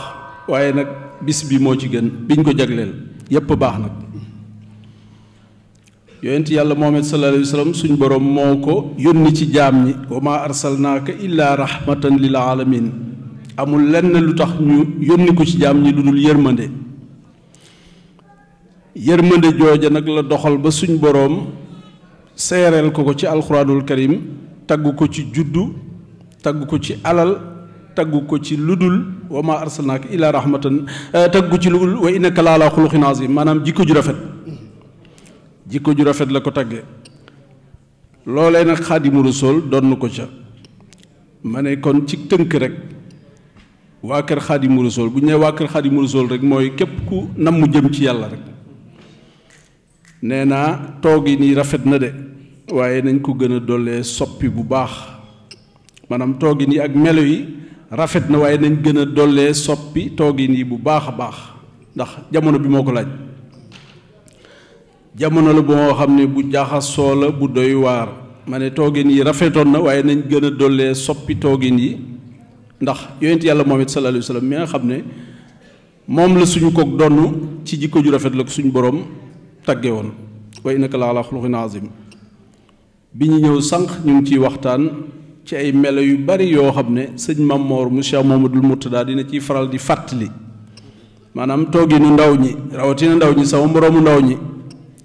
waaye nag bis bi moo ci gën biñ ko jagleel yépp baax nag yonent yàlla Muhammad sallallahu alayhi wa suñ borom moo ko yónni ci jaam ñi wa maa arsalnaaka illaa rahmatan lil alamin amul lenn lu tax ñu yónni ko ci jaam yi lu dul yërmande yërmande jooja nag la doxal ba suñ boroom seereel ko ko ci alxuraanul karim tagg ko ci juddu tagg ko ci alal tagg ko ci lu ludul wa maa arsalnaaka illa rahmatan tagg ko ci ludul wa innaka laalaa xuluqin azim maanaam jikko ju rafet jikko ju rafet la ko tagge loolee nag xaadimu rasul donn ko ca ma ne kon ci tënk rek waa kër xaadimu rasul bu ñu nee waa kër xaadimu rasul rek mooy képp ku nam mu jëm ci yàlla rek nee naa toog yi nii rafet na de waaye nañ ko gën a dollee soppi bu baax maanaam toog yi nii ak melo yi rafet na waaye nañ gën a dollee soppi toog yi nii bu baax a baax ndax jamono bi moo ko laaj jamono la boo xam ne bu jaxasoo la bu doy waar ma ne toogin yi rafetoon na waaye nañ gën a dollee soppi toogin yi ndax yonent yàlla moom it sallallahu mi nga xam ne moom la suñu koog donn ci jikko ju rafet la suñu borom tagge woon wa innaka la ala xuluqin ñëw sànq ñu ngi ciy waxtaan ci ay melo yu bari yoo xam ne sëñ Mamor mu Cheikh Mamadul Murtada dina ciy faral di fàttali maanaam toogi nu ndaw ñi rawatina ndaw ñi sama moroomu ndaw ñi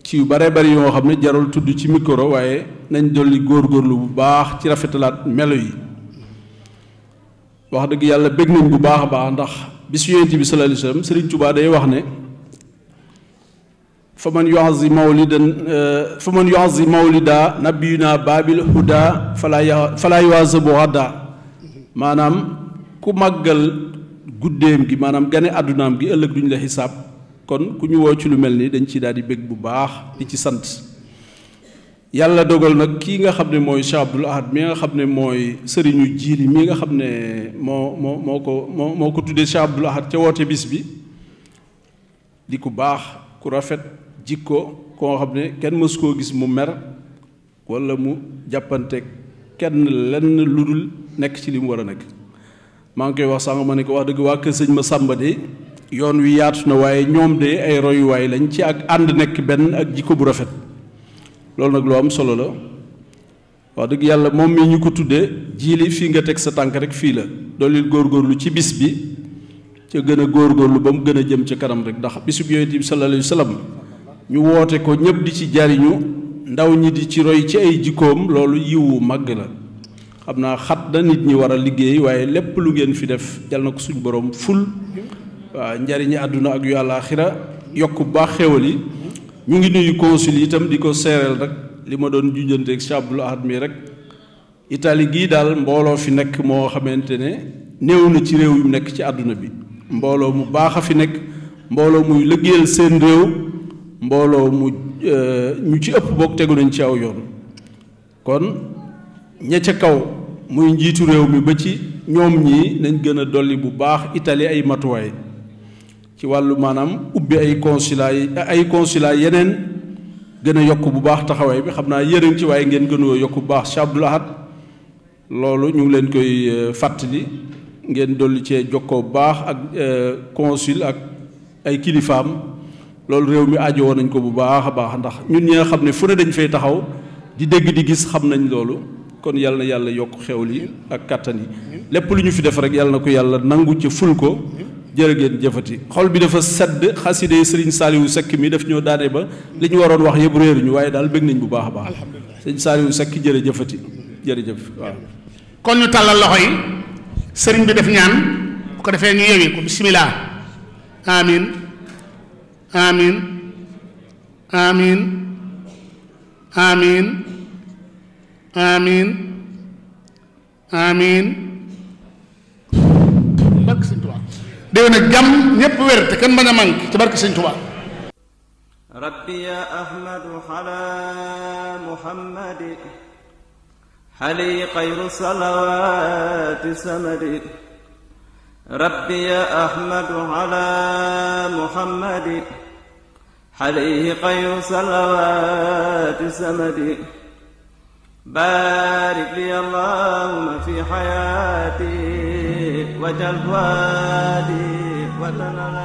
ci yu bare bari yoo xam ne jarul tudd ci micro waaye nañ dolli góorlu bu baax ci rafetalaat melo yi wax dëgg yàlla bëgg nañ bu baax a baax ndax bis yonent bi sallallahu alayhi wasallam Sëriñ day wax ne fa man yuazi mawlidan fa man yuazi mawlida nabiyuna babil huda falaay falaa yuazabu hadda maanaam ku màggal guddeem gi maanaam gane àddunaam gi ëllëg duñ la xisaab kon ku ñu woo ci lu mel ni dañ ci daal di bég bu baax di ci sant yàlla dogal nag kii nga xam ne mooy Cheikh Abdoul Ahad mi nga xam ne mooy sëriñu jiili mii nga xam ne moo moo moo ko moo moo ko tuddee Cheikh Abdoul Ahad ca woote bis bi di ku baax ku rafet jikko koo xam ne kenn mësu koo gis mu mer walla mu jàppante kenn lenn lu dul nekk ci li mu war a nekk maa ngi koy wax sànq ma ne ko wax dëgg waa kër sëñ ma sàmba de yoon wi yaatu na waaye ñoom de ay royuwaay lañ ci ak ànd nekk benn ak jikko bu rafet loolu nag lu am solo la wax dëgg yàlla moom mi ñu ko tuddee jiili fii nga teg sa tànk rek fii la doolil góorgóorlu ci bis bi ca gën a góor góorgóorlu ba mu gën a jëm ca kanam rek ndax bisub yonent bi sallallahu ñu woote ko ñëpp di ci jariñu ndaw ñi di ci roy ci ay jikkoom loolu yiwu màgg la xam naa xat na nit ñi war a liggéey waaye lépp lu ngeen fi def jal na ko suñu borom ful waaw njariñi àdduna ak yu àllaaxira yokk bu baax xéwal yi mu ngi nuyu consul yi itam di ko seereel rek li ma doon junjanteeg Cheikh Abdoul Ahad mi rek itali gii daal mbooloo fi nekk moo xamante ne néew na ci réew yu nekk ci àdduna bi mbooloo mu baax a fi nekk mbooloo muy liggéeyal seen réew mbooloo mu euh, ñu ci ëpp bokk tegu nañ ci aw yoon kon ña kaw muy njiitu réew mi ba ci ñoom ñi nañ gën a dolli bu baax itali ay matuwaay ci wàllu maanaam ubbi ay consulat ay consulat yeneen gën a yokk bu baax taxawaay bi xam naa yërën ci waaye ngeen gën a yokk bu baax Cheikh loolu ñu ngi leen koy euh, fàttali ngeen dolli cee jokkoo bu baax ak euh, consul ak ay kilifaam loolu réew mi aajowoo nañ ko bu baax a baax ndax ñun ñi nga xam ne fu ne dañ fay taxaw di dégg di gis xam nañ loolu kon yàlla yàlla yokk xew xewli ak kàttan yi lépp lu ñu fi def rek yàlla na ko yàlla nangu ci ful ko jërë ngeen jëfati xol bi dafa sedd xaside yi sëriñ Saaliwu Sekk mi daf ñoo daane ba li ñu waroon wax yëpp réeruñu waaye daal bëgg nañ bu baax a baax sëriñ Saaliwu Sekk jërë jëfati jërëjëf waaw kon ñu tàllal loxo yi sëriñ bi def ñaan bu ko defee ñu yewi ko bismillah amin amin amin amin déwén ak jàmm ñépp wér te kenn bañ a manqué ci barke Sëñ Tuubaa rabbi ya ahmadu ala muhammadi ali xayru salawaati samadi rabbi ya ahmadu ala muhammadi عليه خير صلوات سمدي بارك لي اللهم في حياتي وتلوادي وتنلادي